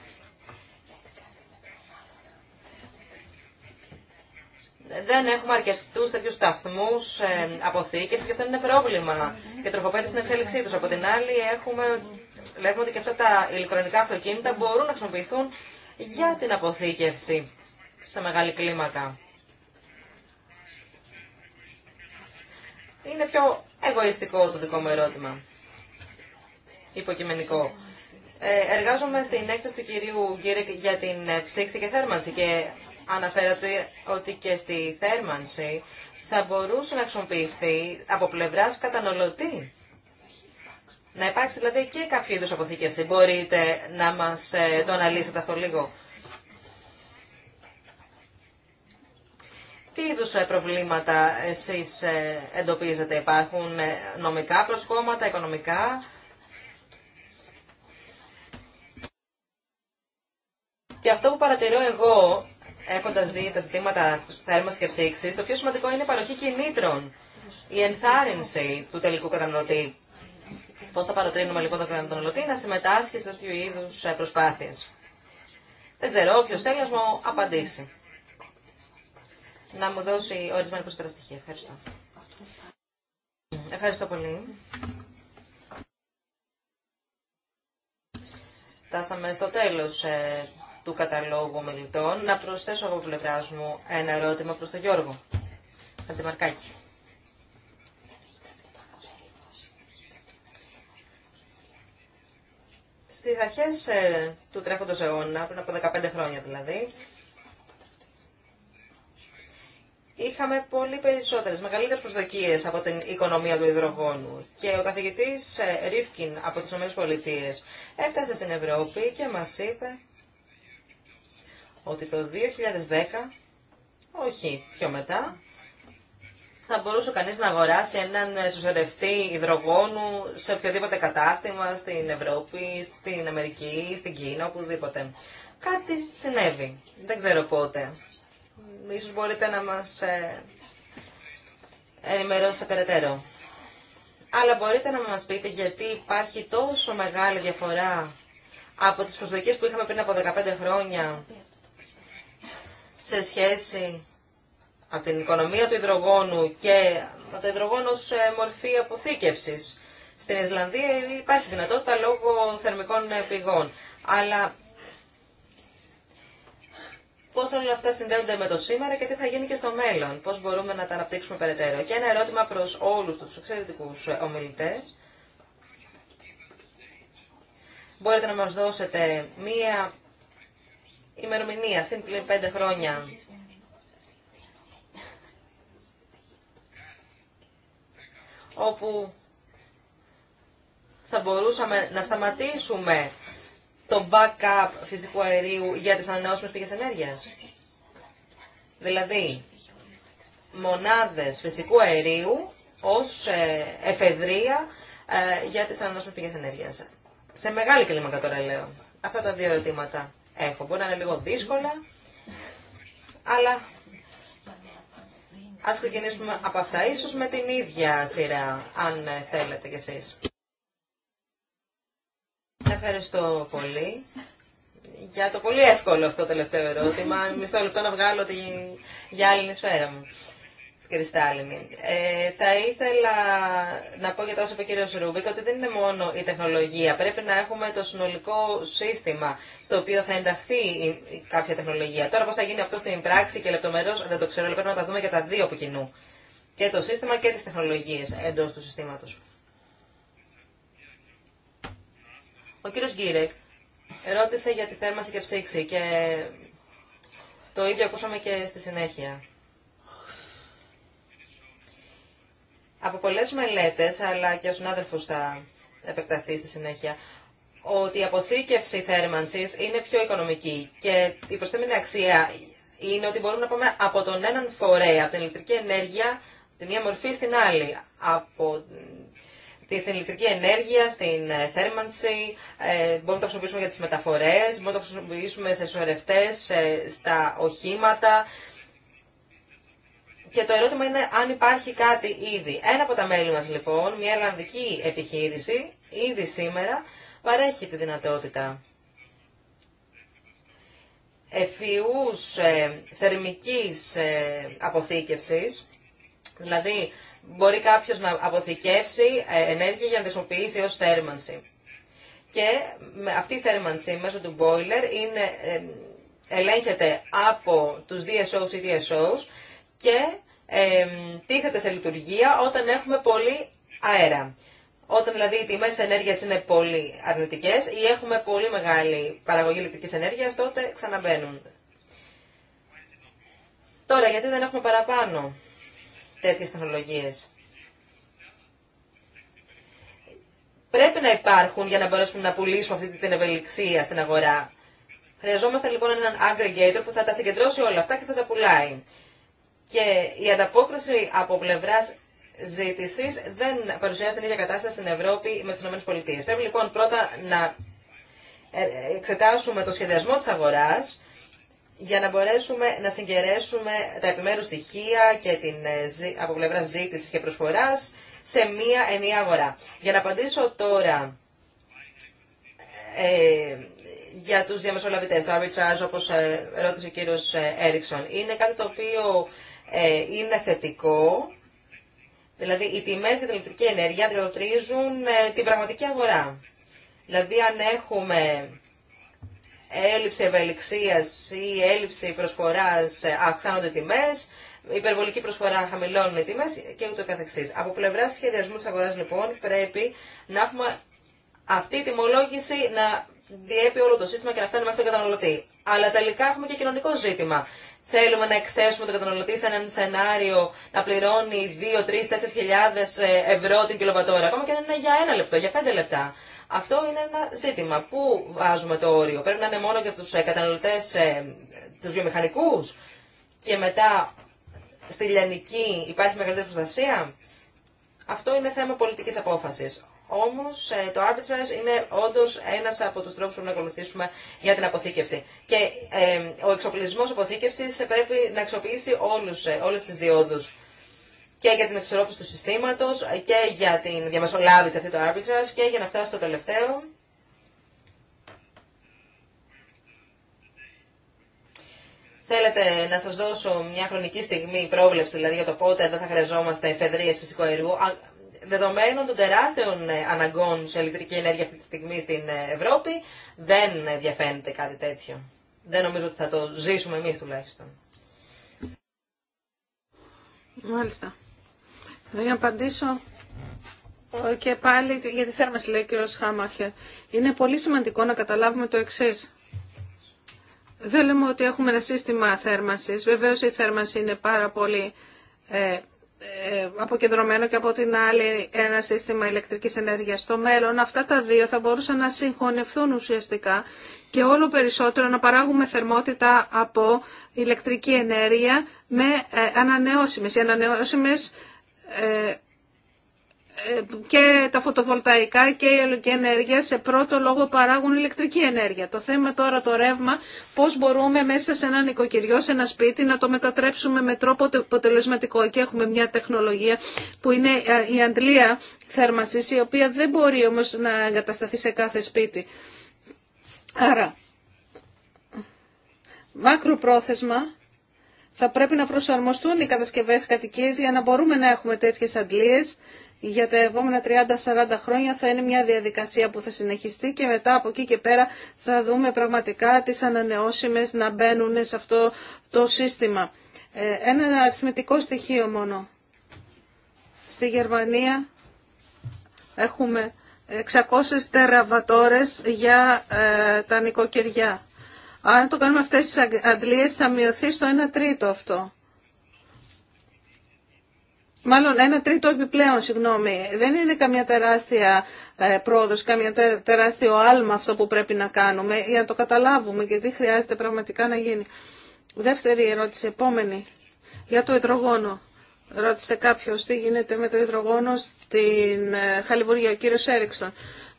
Δεν έχουμε αρκετού τέτοιου σταθμού ε, αποθήκευση και αυτό είναι πρόβλημα και τροφοπαίδευση στην εξέλιξή του. Από την άλλη, έχουμε, λέμε ότι και αυτά τα ηλεκτρονικά αυτοκίνητα μπορούν να χρησιμοποιηθούν για την αποθήκευση σε μεγάλη κλίμακα. Είναι πιο εγωιστικό το δικό μου ερώτημα. Υποκειμενικό. Ε, εργάζομαι στην έκθεση του κυρίου Γκίρεκ για την ε, ψήξη και θέρμανση και αναφέρατε ότι και στη θέρμανση θα μπορούσε να χρησιμοποιηθεί από πλευράς καταναλωτή να υπάρξει δηλαδή και κάποιο είδους αποθήκευση. Μπορείτε να μας ε, το αναλύσετε αυτό λίγο. Τι είδου ε, προβλήματα εσεί ε, εντοπίζετε, Υπάρχουν νομικά προσκόμματα, οικονομικά. Και αυτό που παρατηρώ εγώ, έχοντα δει τα ζητήματα θέρμανση και ψήξη, το πιο σημαντικό είναι η παροχή κινήτρων. Η ενθάρρυνση του τελικού καταναλωτή. Πώ θα παροτρύνουμε λοιπόν τον καταναλωτή να συμμετάσχει σε τέτοιου είδου ε, προσπάθειε. Δεν ξέρω, όποιο θέλει να μου απαντήσει. Να μου δώσει ορισμένα προσφέρα στοιχεία. Ευχαριστώ. Ευχαριστώ πολύ. Φτάσαμε στο τέλος ε, του καταλόγου μιλητών. Να προσθέσω από πλευρά μου ένα ερώτημα προς τον Γιώργο Χατζημαρκάκη. Στις αρχές ε, του τρέχοντος αιώνα, πριν από 15 χρόνια δηλαδή, είχαμε πολύ περισσότερες, μεγαλύτερες προσδοκίες από την οικονομία του υδρογόνου. Και ο καθηγητής ε, Ρίφκιν από τις ΗΠΑ έφτασε στην Ευρώπη και μας είπε ότι το 2010, όχι πιο μετά, θα μπορούσε κανείς να αγοράσει έναν συσσωρευτή υδρογόνου σε οποιοδήποτε κατάστημα, στην Ευρώπη, στην Αμερική, στην Κίνα, οπουδήποτε. Κάτι συνέβη. Δεν ξέρω πότε. Ίσως μπορείτε να μας ε, ενημερώσετε περαιτέρω. Αλλά μπορείτε να μας πείτε γιατί υπάρχει τόσο μεγάλη διαφορά από τις προσδοκίες που είχαμε πριν από 15 χρόνια σε σχέση από την οικονομία του υδρογόνου και από το υδρογόνο ως ε, μορφή αποθήκευσης. Στην Ισλανδία υπάρχει δυνατότητα λόγω θερμικών ε, πηγών. Αλλά πώς όλα αυτά συνδέονται με το σήμερα και τι θα γίνει και στο μέλλον. Πώς μπορούμε να τα αναπτύξουμε περαιτέρω. Και ένα ερώτημα προς όλους τους εξαιρετικούς ε, ομιλητές. Μπορείτε να μας δώσετε μία ημερομηνία, σύν πέντε χρόνια όπου θα μπορούσαμε να σταματήσουμε το backup φυσικού αερίου για τις ανανεώσιμες πηγές ενέργειας. Δηλαδή, μονάδες φυσικού αερίου ως ε, εφεδρεία ε, για τις ανανεώσιμες πηγές ενέργειας. Σε μεγάλη κλίμακα τώρα λέω. Αυτά τα δύο ερωτήματα έχω. Μπορεί να είναι λίγο δύσκολα, αλλά Ας ξεκινήσουμε από αυτά, ίσως με την ίδια σειρά, αν ε, θέλετε κι εσείς. Ευχαριστώ πολύ για το πολύ εύκολο αυτό το τελευταίο ερώτημα. Μισό λεπτό να βγάλω τη γυάλινη σφαίρα μου κρυστάλλινη. Ε, θα ήθελα να πω για το όσο είπε ο κύριο Ρούμπικ ότι δεν είναι μόνο η τεχνολογία. Πρέπει να έχουμε το συνολικό σύστημα στο οποίο θα ενταχθεί κάποια τεχνολογία. Τώρα πώ θα γίνει αυτό στην πράξη και λεπτομερώς δεν το ξέρω, λοιπόν, πρέπει να τα δούμε για τα δύο που κοινού. Και το σύστημα και τι τεχνολογίε εντό του συστήματο. Ο κύριο Γκίρεκ ρώτησε για τη θέρμανση και ψήξη και το ίδιο ακούσαμε και στη συνέχεια. από πολλές μελέτες, αλλά και ο συνάδελφος θα επεκταθεί στη συνέχεια, ότι η αποθήκευση θέρμανσης είναι πιο οικονομική και η προσθέμενη αξία είναι ότι μπορούμε να πάμε από τον έναν φορέα, από την ηλεκτρική ενέργεια, τη μία μορφή στην άλλη, από την ηλεκτρική ενέργεια, στην ε, θέρμανση, ε, μπορούμε να το χρησιμοποιήσουμε για τις μεταφορές, μπορούμε να το χρησιμοποιήσουμε σε σωρευτές, στα οχήματα, και το ερώτημα είναι αν υπάρχει κάτι ήδη. Ένα από τα μέλη μας λοιπόν, μια Ιρλανδική επιχείρηση, ήδη σήμερα παρέχει τη δυνατότητα εφιούς ε, θερμικής ε, αποθήκευσης, δηλαδή μπορεί κάποιος να αποθηκεύσει ε, ενέργεια για να χρησιμοποιήσει ως θέρμανση. Και αυτή η θέρμανση μέσω του boiler είναι, ε, ελέγχεται από τους DSOs ή DSOs και τίθεται σε λειτουργία όταν έχουμε πολύ αέρα. Όταν δηλαδή οι τιμές ενέργεια είναι πολύ αρνητικές ή έχουμε πολύ μεγάλη παραγωγή ηλεκτρική ενέργειας, τότε ξαναμπαίνουν. Τώρα, γιατί δεν έχουμε παραπάνω τέτοιες τεχνολογίες. Πρέπει να υπάρχουν για να μπορέσουμε να πουλήσουμε αυτή την ευελιξία στην αγορά. Χρειαζόμαστε λοιπόν έναν aggregator που θα τα συγκεντρώσει όλα αυτά και θα τα πουλάει και η ανταπόκριση από πλευρά ζήτηση δεν παρουσιάζει την ίδια κατάσταση στην Ευρώπη με τι ΗΠΑ. Πρέπει λοιπόν πρώτα να ε, εξετάσουμε το σχεδιασμό τη αγορά για να μπορέσουμε να συγκερέσουμε τα επιμέρους στοιχεία και την, ε, από πλευρά ζήτηση και προσφοράς σε μία ενιαία αγορά. Για να απαντήσω τώρα ε, για τους διαμεσολαβητές, το arbitrage όπως ε, ρώτησε ο κύριος Έριξον, είναι κάτι το οποίο ε, είναι θετικό. Δηλαδή, οι τιμές για την ηλεκτρική ενέργεια διατρίζουν ε, την πραγματική αγορά. Δηλαδή, αν έχουμε έλλειψη ευελιξίας ή έλλειψη προσφοράς, ε, αυξάνονται τιμές, υπερβολική προσφορά χαμηλώνουν οι τιμές και ούτω καθεξής. Από πλευρά σχεδιασμού της αγοράς, λοιπόν, πρέπει να έχουμε αυτή η τιμολόγηση να διέπει όλο το σύστημα και να φτάνει μέχρι τον καταναλωτή. Αλλά τελικά έχουμε και κοινωνικό ζήτημα θέλουμε να εκθέσουμε τον καταναλωτή σε έναν σενάριο να πληρώνει 2, 3, 4 χιλιάδες ε, ευρώ την κιλοβατόρα, ακόμα και αν είναι για ένα λεπτό, για πέντε λεπτά. Αυτό είναι ένα ζήτημα. Πού βάζουμε το όριο. Πρέπει να είναι μόνο για τους ε, καταναλωτές, ε, του βιομηχανικού, και μετά στη λιανική υπάρχει μεγαλύτερη προστασία. Αυτό είναι θέμα πολιτική απόφαση. Όμω, ε, το arbitrage είναι όντω ένας από τους τρόπους που να ακολουθήσουμε για την αποθήκευση. Και ε, ο εξοπλισμό αποθήκευση πρέπει να αξιοποιήσει όλους, ε, όλες τις και για την εξορρόπηση του συστήματος και για την διαμεσολάβηση αυτή του arbitrage και για να φτάσει στο τελευταίο. Θέλετε να σας δώσω μια χρονική στιγμή πρόβλεψη, δηλαδή για το πότε δεν θα χρειαζόμαστε εφεδρείες φυσικού δεδομένων των τεράστιων ε, αναγκών σε ηλεκτρική ενέργεια αυτή τη στιγμή στην ε, Ευρώπη, δεν διαφαίνεται κάτι τέτοιο. Δεν νομίζω ότι θα το ζήσουμε εμείς τουλάχιστον. Μάλιστα. Για να απαντήσω ε, και πάλι για τη θέρμανση, λέει ο κ. Είναι πολύ σημαντικό να καταλάβουμε το εξή. Δεν λέμε ότι έχουμε ένα σύστημα θέρμανσης. Βεβαίως η θέρμανση είναι πάρα πολύ ε, αποκεντρωμένο και από την άλλη ένα σύστημα ηλεκτρικής ενέργειας στο μέλλον, αυτά τα δύο θα μπορούσαν να συγχωνευτούν ουσιαστικά και όλο περισσότερο να παράγουμε θερμότητα από ηλεκτρική ενέργεια με ε, ανανεώσιμες. ανανεώσιμες ε, και τα φωτοβολταϊκά και η ελληνική ενέργεια σε πρώτο λόγο παράγουν ηλεκτρική ενέργεια. Το θέμα τώρα το ρεύμα, πώς μπορούμε μέσα σε ένα νοικοκυριό, σε ένα σπίτι να το μετατρέψουμε με τρόπο αποτελεσματικό. Και έχουμε μια τεχνολογία που είναι ε, η αντλία θέρμασης, η οποία δεν μπορεί όμως να εγκατασταθεί σε κάθε σπίτι. Άρα, πρόθεσμα θα πρέπει να προσαρμοστούν οι κατασκευές κατοικίες για να μπορούμε να έχουμε τέτοιες αντλίες για τα επόμενα 30-40 χρόνια θα είναι μια διαδικασία που θα συνεχιστεί και μετά από εκεί και πέρα θα δούμε πραγματικά τις ανανεώσιμες να μπαίνουν σε αυτό το σύστημα. Ε, ένα αριθμητικό στοιχείο μόνο. Στη Γερμανία έχουμε 600 τεραβατόρες για ε, τα νοικοκυριά. Αν το κάνουμε αυτές τις αντλίες θα μειωθεί στο 1 τρίτο αυτό. Μάλλον ένα τρίτο επιπλέον, συγγνώμη. Δεν είναι καμία τεράστια ε, πρόοδο, καμία τεράστιο άλμα αυτό που πρέπει να κάνουμε για να το καταλάβουμε και τι χρειάζεται πραγματικά να γίνει. Δεύτερη ερώτηση, επόμενη, για το υδρογόνο. Ρώτησε κάποιο τι γίνεται με το υδρογόνο στην ε, Χαλιβουργία, ο κύριο Έριξον.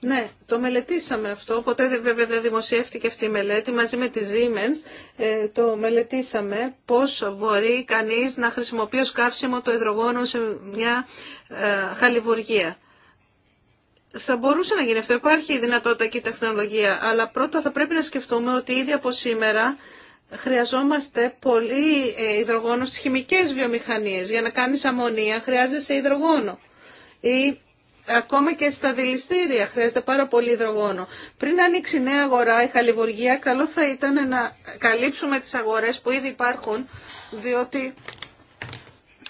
Ναι, το μελετήσαμε αυτό. Ποτέ βέβαια δεν δημοσιεύτηκε αυτή η μελέτη. Μαζί με τη Siemens ε, το μελετήσαμε πώς μπορεί κανείς να χρησιμοποιεί ως καύσιμο το υδρογόνο σε μια ε, χαλιβουργία. Θα μπορούσε να γίνει αυτό. Υπάρχει η δυνατότητα και η τεχνολογία. Αλλά πρώτα θα πρέπει να σκεφτούμε ότι ήδη από σήμερα χρειαζόμαστε πολύ ε, υδρογόνο στις χημικές βιομηχανίες. Για να κάνεις αμμονία χρειάζεσαι υδρογόνο. Ή Ακόμα και στα δηληστήρια χρειάζεται πάρα πολύ υδρογόνο. Πριν ανοίξει νέα αγορά, η χαλιβουργία, καλό θα ήταν να καλύψουμε τις αγορές που ήδη υπάρχουν, διότι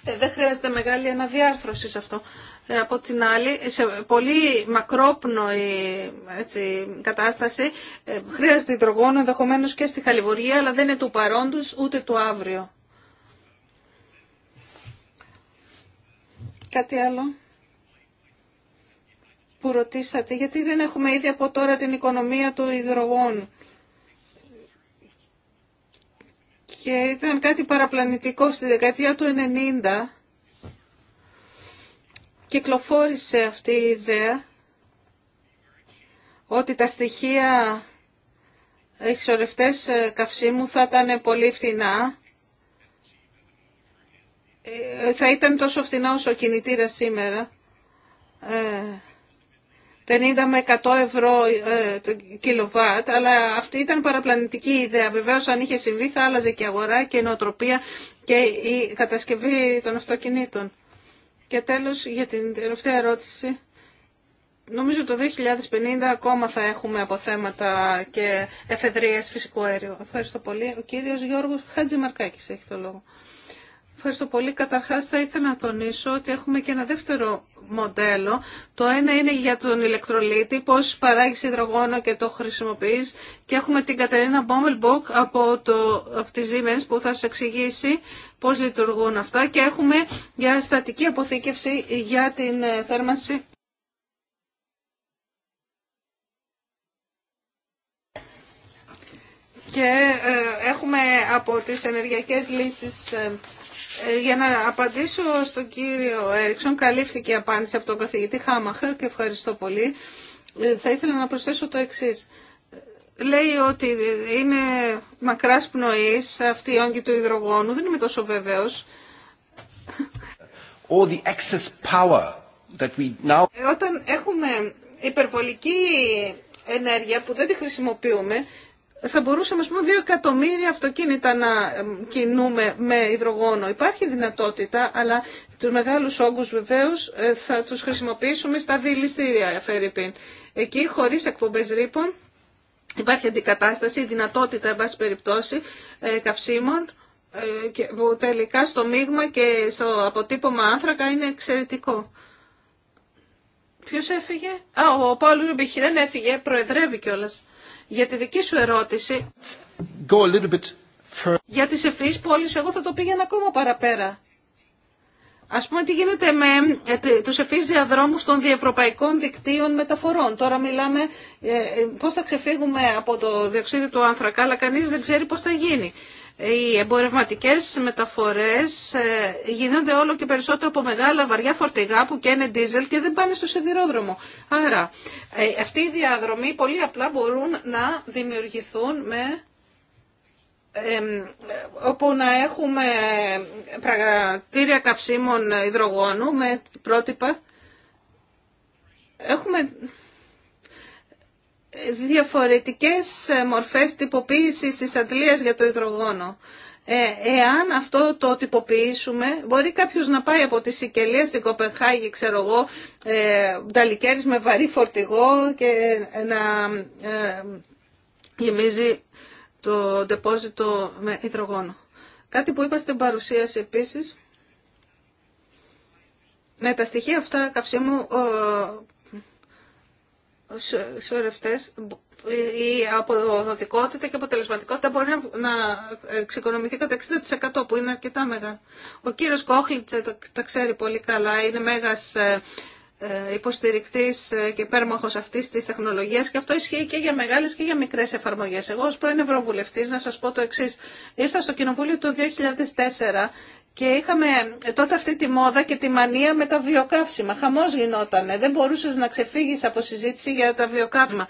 ε, δεν χρειάζεται μεγάλη αναδιάρθρωση σε αυτό. Ε, από την άλλη, σε πολύ μακρόπνοη έτσι, κατάσταση, ε, χρειάζεται υδρογόνο ενδεχομένω και στη χαλιβουργία, αλλά δεν είναι του παρόντος ούτε του αύριο. Κάτι άλλο που ρωτήσατε, γιατί δεν έχουμε ήδη από τώρα την οικονομία του υδρογόνου. Και ήταν κάτι παραπλανητικό στη δεκαετία του 90. Κυκλοφόρησε αυτή η ιδέα ότι τα στοιχεία ισορρευτές ε, καυσίμου θα ήταν πολύ φθηνά. Ε, θα ήταν τόσο φθηνά όσο ο κινητήρα σήμερα. Ε, 50 με 100 ευρώ ε, το κιλοβάτ, αλλά αυτή ήταν παραπλανητική ιδέα. Βεβαίω, αν είχε συμβεί, θα άλλαζε και η αγορά και η νοοτροπία και η κατασκευή των αυτοκινήτων. Και τέλος, για την τελευταία ερώτηση, νομίζω το 2050 ακόμα θα έχουμε αποθέματα και εφεδρείες φυσικού αέριου. Ευχαριστώ πολύ. Ο κύριος Γιώργος Χατζημαρκάκης έχει το λόγο. Ευχαριστώ πολύ. Καταρχάς θα ήθελα να τονίσω ότι έχουμε και ένα δεύτερο μοντέλο. Το ένα είναι για τον ηλεκτρολίτη, πώς παράγει υδρογόνο και το χρησιμοποιεί. Και έχουμε την Κατερίνα Μπόμελμποκ από, το, από που θα σα εξηγήσει πώς λειτουργούν αυτά. Και έχουμε για στατική αποθήκευση για την ε, θέρμανση. Και ε, έχουμε από τις ενεργειακές λύσεις... Ε, ε, για να απαντήσω στον κύριο Έριξον, καλύφθηκε η απάντηση από τον καθηγητή Χάμαχερ και ευχαριστώ πολύ. Ε, θα ήθελα να προσθέσω το εξής. Λέει ότι είναι μακράς πνοής αυτή η όγκη του υδρογόνου. Δεν είμαι τόσο βεβαίω. Ε, όταν έχουμε υπερβολική ενέργεια που δεν τη χρησιμοποιούμε, θα μπορούσαμε, ας πούμε, δύο εκατομμύρια αυτοκίνητα να κινούμε με υδρογόνο. Υπάρχει δυνατότητα, αλλά τους μεγάλους όγκους βεβαίως ε, θα τους χρησιμοποιήσουμε στα δηληστήρια, Φερρυπίν. Εκεί, χωρίς εκπομπές ρήπων, υπάρχει αντικατάσταση, δυνατότητα, εν πάση περιπτώσει, ε, καυσίμων, ε, που τελικά στο μείγμα και στο αποτύπωμα άνθρακα είναι εξαιρετικό. Ποιος έφυγε? Α, ο Παύλος Ρουμπιχή δεν έφυγε, προεδρεύει κιόλας. Για τη δική σου ερώτηση, για τις ευφυείς πόλεις, εγώ θα το πήγαινα ακόμα παραπέρα. Ας πούμε τι γίνεται με ε, τους ευφυείς διαδρόμους των διευρωπαϊκών δικτύων μεταφορών. Τώρα μιλάμε ε, ε, πώς θα ξεφύγουμε από το διοξείδιο του άνθρακα, αλλά κανείς δεν ξέρει πώς θα γίνει οι εμπορευματικές μεταφορές ε, γίνονται όλο και περισσότερο από μεγάλα βαριά φορτηγά που καίνε ντίζελ και δεν πάνε στο σιδηρόδρομο. Άρα ε, αυτοί οι διαδρομοί πολύ απλά μπορούν να δημιουργηθούν με όπου να έχουμε πραγματήρια καυσίμων υδρογόνου με πρότυπα. Έχουμε διαφορετικές ε, μορφές τυποποίησης της αντλίας για το υδρογόνο. Ε, εάν αυτό το τυποποιήσουμε, μπορεί κάποιος να πάει από τη Σικελία στην Κοπενχάγη, ξέρω εγώ, ε, με βαρύ φορτηγό και να ε, γεμίζει το ντεπόζιτο με υδρογόνο. Κάτι που είπα στην παρουσίαση επίσης, με τα στοιχεία αυτά καυσίμου μου σωρευτές, η αποδοτικότητα και αποτελεσματικότητα μπορεί να εξοικονομηθεί κατά 60% που είναι αρκετά μεγάλο. Ο κύριος Κόχλιτσε τα ξέρει πολύ καλά, είναι μέγας ε, ε, υποστηρικτής ε, και πέρμαχος αυτής της τεχνολογίας και αυτό ισχύει και για μεγάλες και για μικρές εφαρμογές. Εγώ ως πρώην Ευρωβουλευτής να σας πω το εξή. Ήρθα στο Κοινοβούλιο το 2004 και είχαμε τότε αυτή τη μόδα και τη μανία με τα βιοκαύσιμα. Χαμός γινότανε. Δεν μπορούσες να ξεφύγεις από συζήτηση για τα βιοκαύσιμα.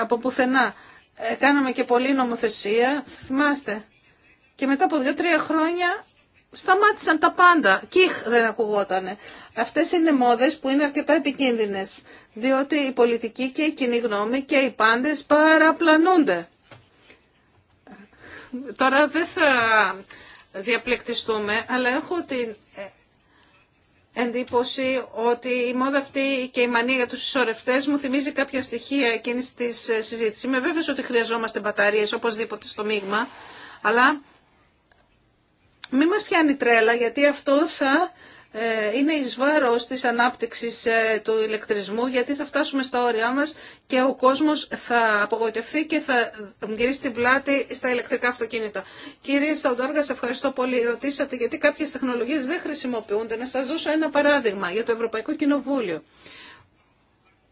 Από πουθενά. Ε, κάναμε και πολλή νομοθεσία, θυμάστε. Και μετά από δύο-τρία χρόνια σταμάτησαν τα πάντα. Κιχ δεν ακουγότανε. Αυτές είναι μόδες που είναι αρκετά επικίνδυνες. Διότι η πολιτική και η κοινή γνώμη και οι πάντες παραπλανούνται. Τώρα δεν θα διαπλεκτιστούμε, αλλά έχω την ε, εντύπωση ότι η μόδα αυτή και η μανία για τους ισορρευτές μου θυμίζει κάποια στοιχεία εκείνης της ε, συζήτησης. Είμαι βέβαιος ότι χρειαζόμαστε μπαταρίες οπωσδήποτε στο μείγμα, αλλά μην μας πιάνει τρέλα γιατί αυτό θα ε, είναι εις βάρος της ανάπτυξης ε, του ηλεκτρισμού γιατί θα φτάσουμε στα όρια μας και ο κόσμος θα απογοητευτεί και θα γυρίσει την πλάτη στα ηλεκτρικά αυτοκίνητα. Κύριε Σαουντάργα, σε ευχαριστώ πολύ. Ρωτήσατε γιατί κάποιες τεχνολογίες δεν χρησιμοποιούνται. Να σας δώσω ένα παράδειγμα για το Ευρωπαϊκό Κοινοβούλιο.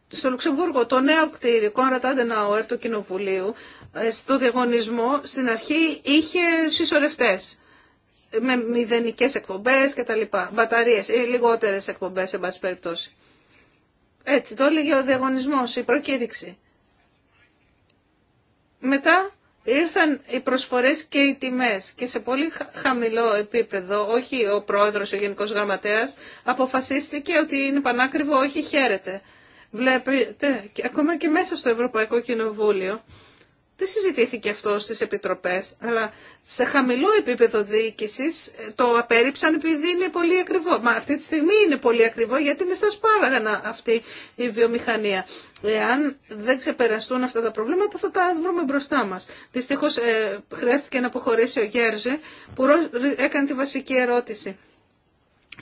Στο Λουξεμβούργο, το νέο κτίριο Κόνρατ Αντεναόερ του Κοινοβουλίου, ε, στο διαγωνισμό, στην αρχή είχε συσσωρευτές με μηδενικές εκπομπές και Μπαταρίε ή λιγότερε εκπομπέ εμπάσει περιπτώσει. Έτσι, το έλεγε ο διαγωνισμό, πάση περιπτώσει. Έτσι, το έλεγε ο διαγωνισμός, η λιγοτερε εκπομπες εν παση περιπτωσει ετσι το ελεγε ο διαγωνισμο ήρθαν οι προσφορές και οι τιμές και σε πολύ χαμηλό επίπεδο, όχι ο πρόεδρος, ο γενικός γραμματέας, αποφασίστηκε ότι είναι πανάκριβο, όχι χαίρεται. Βλέπετε, ακόμα και μέσα στο Ευρωπαϊκό Κοινοβούλιο, δεν συζητήθηκε αυτό στις επιτροπές, αλλά σε χαμηλό επίπεδο διοίκηση ε, το απέρριψαν επειδή είναι πολύ ακριβό. Μα αυτή τη στιγμή είναι πολύ ακριβό γιατί είναι στα σπάραγανα αυτή η βιομηχανία. Εάν δεν ξεπεραστούν αυτά τα προβλήματα θα τα βρούμε μπροστά μας. Δυστυχώς ε, χρειάστηκε να αποχωρήσει ο Γέρζε που έκανε τη βασική ερώτηση.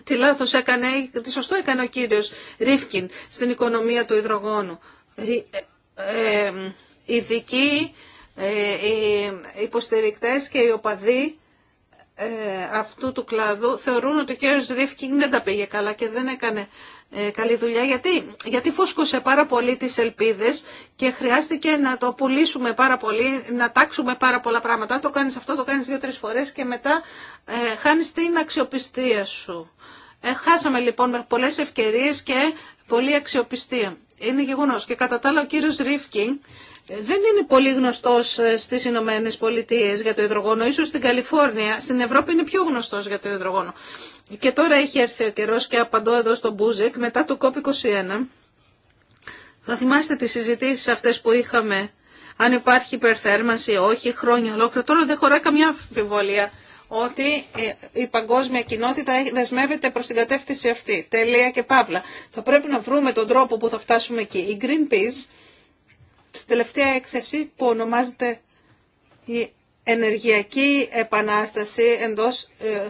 Τι λάθος έκανε, τι σωστό έκανε ο κύριος Ρίφκιν στην οικονομία του υδρογόνου. Ε, ε, ε ειδικοί, ε, οι υποστηρικτές και οι οπαδοί ε, αυτού του κλάδου θεωρούν ότι ο κύριος Ρίφκινγκ δεν τα πήγε καλά και δεν έκανε ε, καλή δουλειά. Γιατί, γιατί φούσκωσε πάρα πολύ τις ελπίδες και χρειάστηκε να το πουλήσουμε πάρα πολύ, να τάξουμε πάρα πολλά πράγματα. Το κάνεις αυτό, το κάνεις δύο-τρεις φορές και μετά ε, χάνεις την αξιοπιστία σου. χάσαμε λοιπόν με πολλές ευκαιρίες και πολλή αξιοπιστία. Είναι γεγονός. Και κατά τα άλλα ο κύριος Ρίφκινγκ δεν είναι πολύ γνωστό ε, στι Ηνωμένε Πολιτείε για το υδρογόνο. Ίσως στην Καλιφόρνια, στην Ευρώπη είναι πιο γνωστό για το υδρογόνο. Και τώρα έχει έρθει ο καιρό και απαντώ εδώ στον Μπούζεκ μετά το COP21. Θα θυμάστε τι συζητήσει αυτέ που είχαμε αν υπάρχει υπερθέρμανση, όχι, χρόνια ολόκληρα. Τώρα δεν χωράει καμιά αμφιβολία ότι ε, η παγκόσμια κοινότητα δεσμεύεται προς την κατεύθυνση αυτή. Τελεία και παύλα. Θα πρέπει να βρούμε τον τρόπο που θα φτάσουμε εκεί. Η Greenpeace Στη τελευταία έκθεση που ονομάζεται η ενεργειακή επανάσταση εντός ε,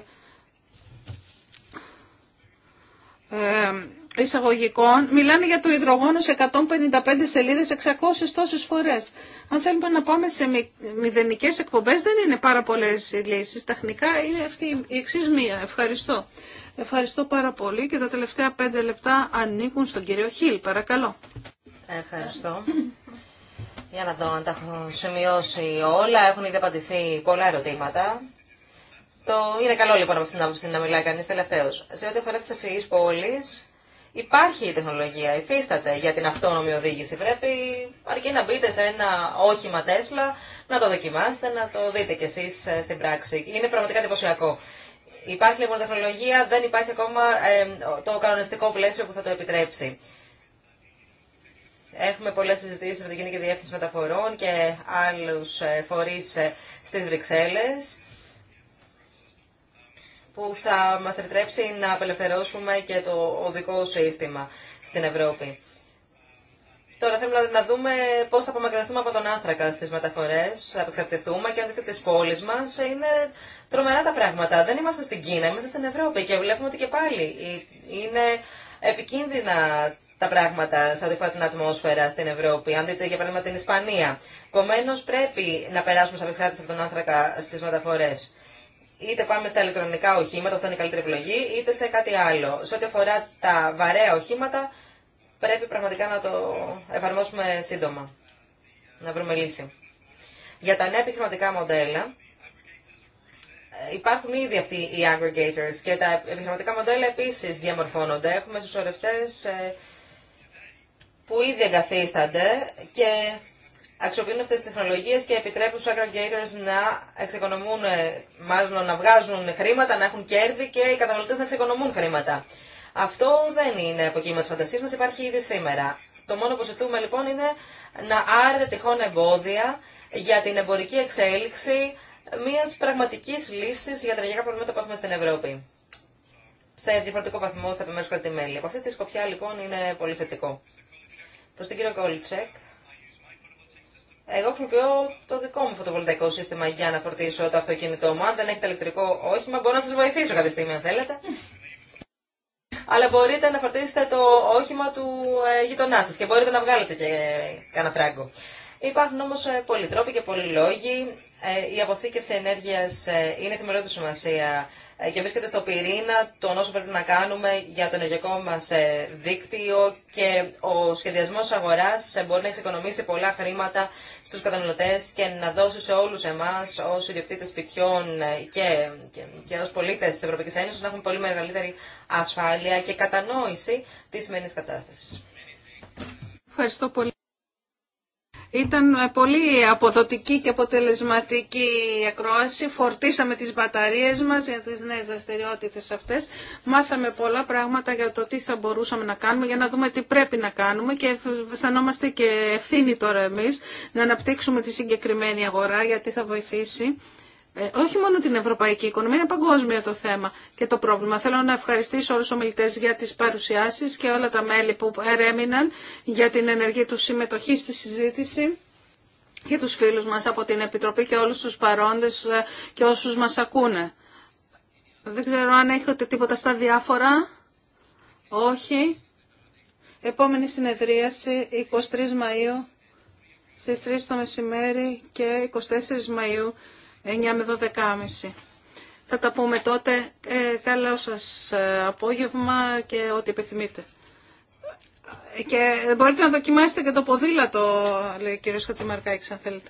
ε, εισαγωγικών μιλάνε για το υδρογόνο σε 155 σελίδες 600 τόσες φορές. Αν θέλουμε να πάμε σε μηδενικές εκπομπές δεν είναι πάρα πολλές λύσεις. Τεχνικά είναι αυτή η εξή μία. Ευχαριστώ. Ευχαριστώ πάρα πολύ και τα τελευταία πέντε λεπτά ανήκουν στον κύριο Χίλ. Παρακαλώ. Ευχαριστώ. Για να δω αν τα έχω σημειώσει όλα. Έχουν ήδη απαντηθεί πολλά ερωτήματα. Το... Είναι καλό λοιπόν από αυτήν την άποψη να μιλάει κανεί τελευταίο. Σε ό,τι αφορά τι ευφυεί πόλει, υπάρχει η τεχνολογία, υφίσταται για την αυτόνομη οδήγηση. Πρέπει αρκεί να μπείτε σε ένα όχημα Τέσλα, να το δοκιμάσετε, να το δείτε κι εσεί ε, στην πράξη. Είναι πραγματικά εντυπωσιακό. Υπάρχει λοιπόν τεχνολογία, δεν υπάρχει ακόμα ε, το κανονιστικό πλαίσιο που θα το επιτρέψει. Έχουμε πολλέ συζητήσει με την και Διεύθυνση Μεταφορών και άλλου ε, φορεί ε, στι Βρυξέλλε που θα μας επιτρέψει να απελευθερώσουμε και το οδικό σύστημα στην Ευρώπη. Τώρα θέλουμε να δούμε πώς θα απομακρυνθούμε από τον άνθρακα στις μεταφορές, θα απεξαρτηθούμε και αν δείτε τις πόλεις μας, είναι τρομερά τα πράγματα. Δεν είμαστε στην Κίνα, είμαστε στην Ευρώπη και βλέπουμε ότι και πάλι είναι επικίνδυνα τα πράγματα σε ό,τι φορά την ατμόσφαιρα στην Ευρώπη. Αν δείτε για παράδειγμα την Ισπανία. Επομένω πρέπει να περάσουμε σε απεξάρτηση από τον άνθρακα στι μεταφορέ. Είτε πάμε στα ηλεκτρονικά οχήματα, αυτό είναι η καλύτερη επιλογή, είτε σε κάτι άλλο. Σε ό,τι αφορά τα βαρέα οχήματα, πρέπει πραγματικά να το εφαρμόσουμε σύντομα. Να βρούμε λύση. Για τα νέα επιχειρηματικά μοντέλα, ε, υπάρχουν ήδη αυτοί οι aggregators και τα επιχειρηματικά μοντέλα επίση διαμορφώνονται. Έχουμε στου ορευτέ. Ε, που ήδη εγκαθίστανται και αξιοποιούν αυτές τις τεχνολογίες και επιτρέπουν στους aggregators να εξοικονομούν, ε, μάλλον να βγάζουν χρήματα, να έχουν κέρδη και οι καταναλωτές να εξοικονομούν χρήματα. Αυτό δεν είναι από εκεί μας φαντασίες μας, υπάρχει ήδη σήμερα. Το μόνο που ζητούμε λοιπόν είναι να άρετε τυχόν εμπόδια για την εμπορική εξέλιξη μιας πραγματικής λύσης για τα ενεργειακά προβλήματα που έχουμε στην Ευρώπη. Σε διαφορετικό βαθμό στα επιμέρους κρατημέλη. Από αυτή τη σκοπιά λοιπόν είναι πολύ θετικό προς τον κύριο Κόλτσεκ. Εγώ χρησιμοποιώ το δικό μου φωτοβολταϊκό σύστημα για να φορτίσω το αυτοκίνητό μου. Αν δεν έχετε ηλεκτρικό όχημα, μπορώ να σας βοηθήσω κάποια στιγμή αν θέλετε. Αλλά μπορείτε να φορτίσετε το όχημα του ε, γειτονά σας και μπορείτε να βγάλετε και κανένα φράγκο. Υπάρχουν όμως ε, πολλοί τρόποι και πολλοί λόγοι. Ε, η αποθήκευση ενέργειας είναι τη σημασία ε, και βρίσκεται στο πυρήνα των όσων πρέπει να κάνουμε για το ενεργειακό μας ε, δίκτυο και ο σχεδιασμός αγοράς ε, μπορεί να εξοικονομήσει πολλά χρήματα στους καταναλωτές και να δώσει σε όλους εμάς ω ιδιοκτήτες σπιτιών και, και, και ως πολίτες της Ευρωπαϊκής Ένωσης να έχουμε πολύ μεγαλύτερη ασφάλεια και κατανόηση τη σημερινή κατάσταση. πολύ. Ήταν πολύ αποδοτική και αποτελεσματική η ακρόαση. Φορτίσαμε τις μπαταρίες μας για τις νέες δραστηριότητε αυτές. Μάθαμε πολλά πράγματα για το τι θα μπορούσαμε να κάνουμε, για να δούμε τι πρέπει να κάνουμε και αισθανόμαστε και ευθύνη τώρα εμείς να αναπτύξουμε τη συγκεκριμένη αγορά γιατί θα βοηθήσει ε, όχι μόνο την ευρωπαϊκή οικονομία, είναι παγκόσμιο το θέμα και το πρόβλημα. Θέλω να ευχαριστήσω όλους τους ομιλητές για τις παρουσιάσεις και όλα τα μέλη που παρέμειναν για την ενεργή του συμμετοχή στη συζήτηση και τους φίλους μας από την Επιτροπή και όλους τους παρόντες ε, και όσους μας ακούνε. Δεν ξέρω αν έχετε τίποτα στα διάφορα. Όχι. Επόμενη συνεδρίαση 23 Μαΐου στις 3 το μεσημέρι και 24 Μαΐου 9 με 12.30. Θα τα πούμε τότε. Ε, καλό σας ε, απόγευμα και ό,τι επιθυμείτε. Ε, και μπορείτε να δοκιμάσετε και το ποδήλατο, λέει ο κύριος Χατζημαρκάκης, αν θέλετε.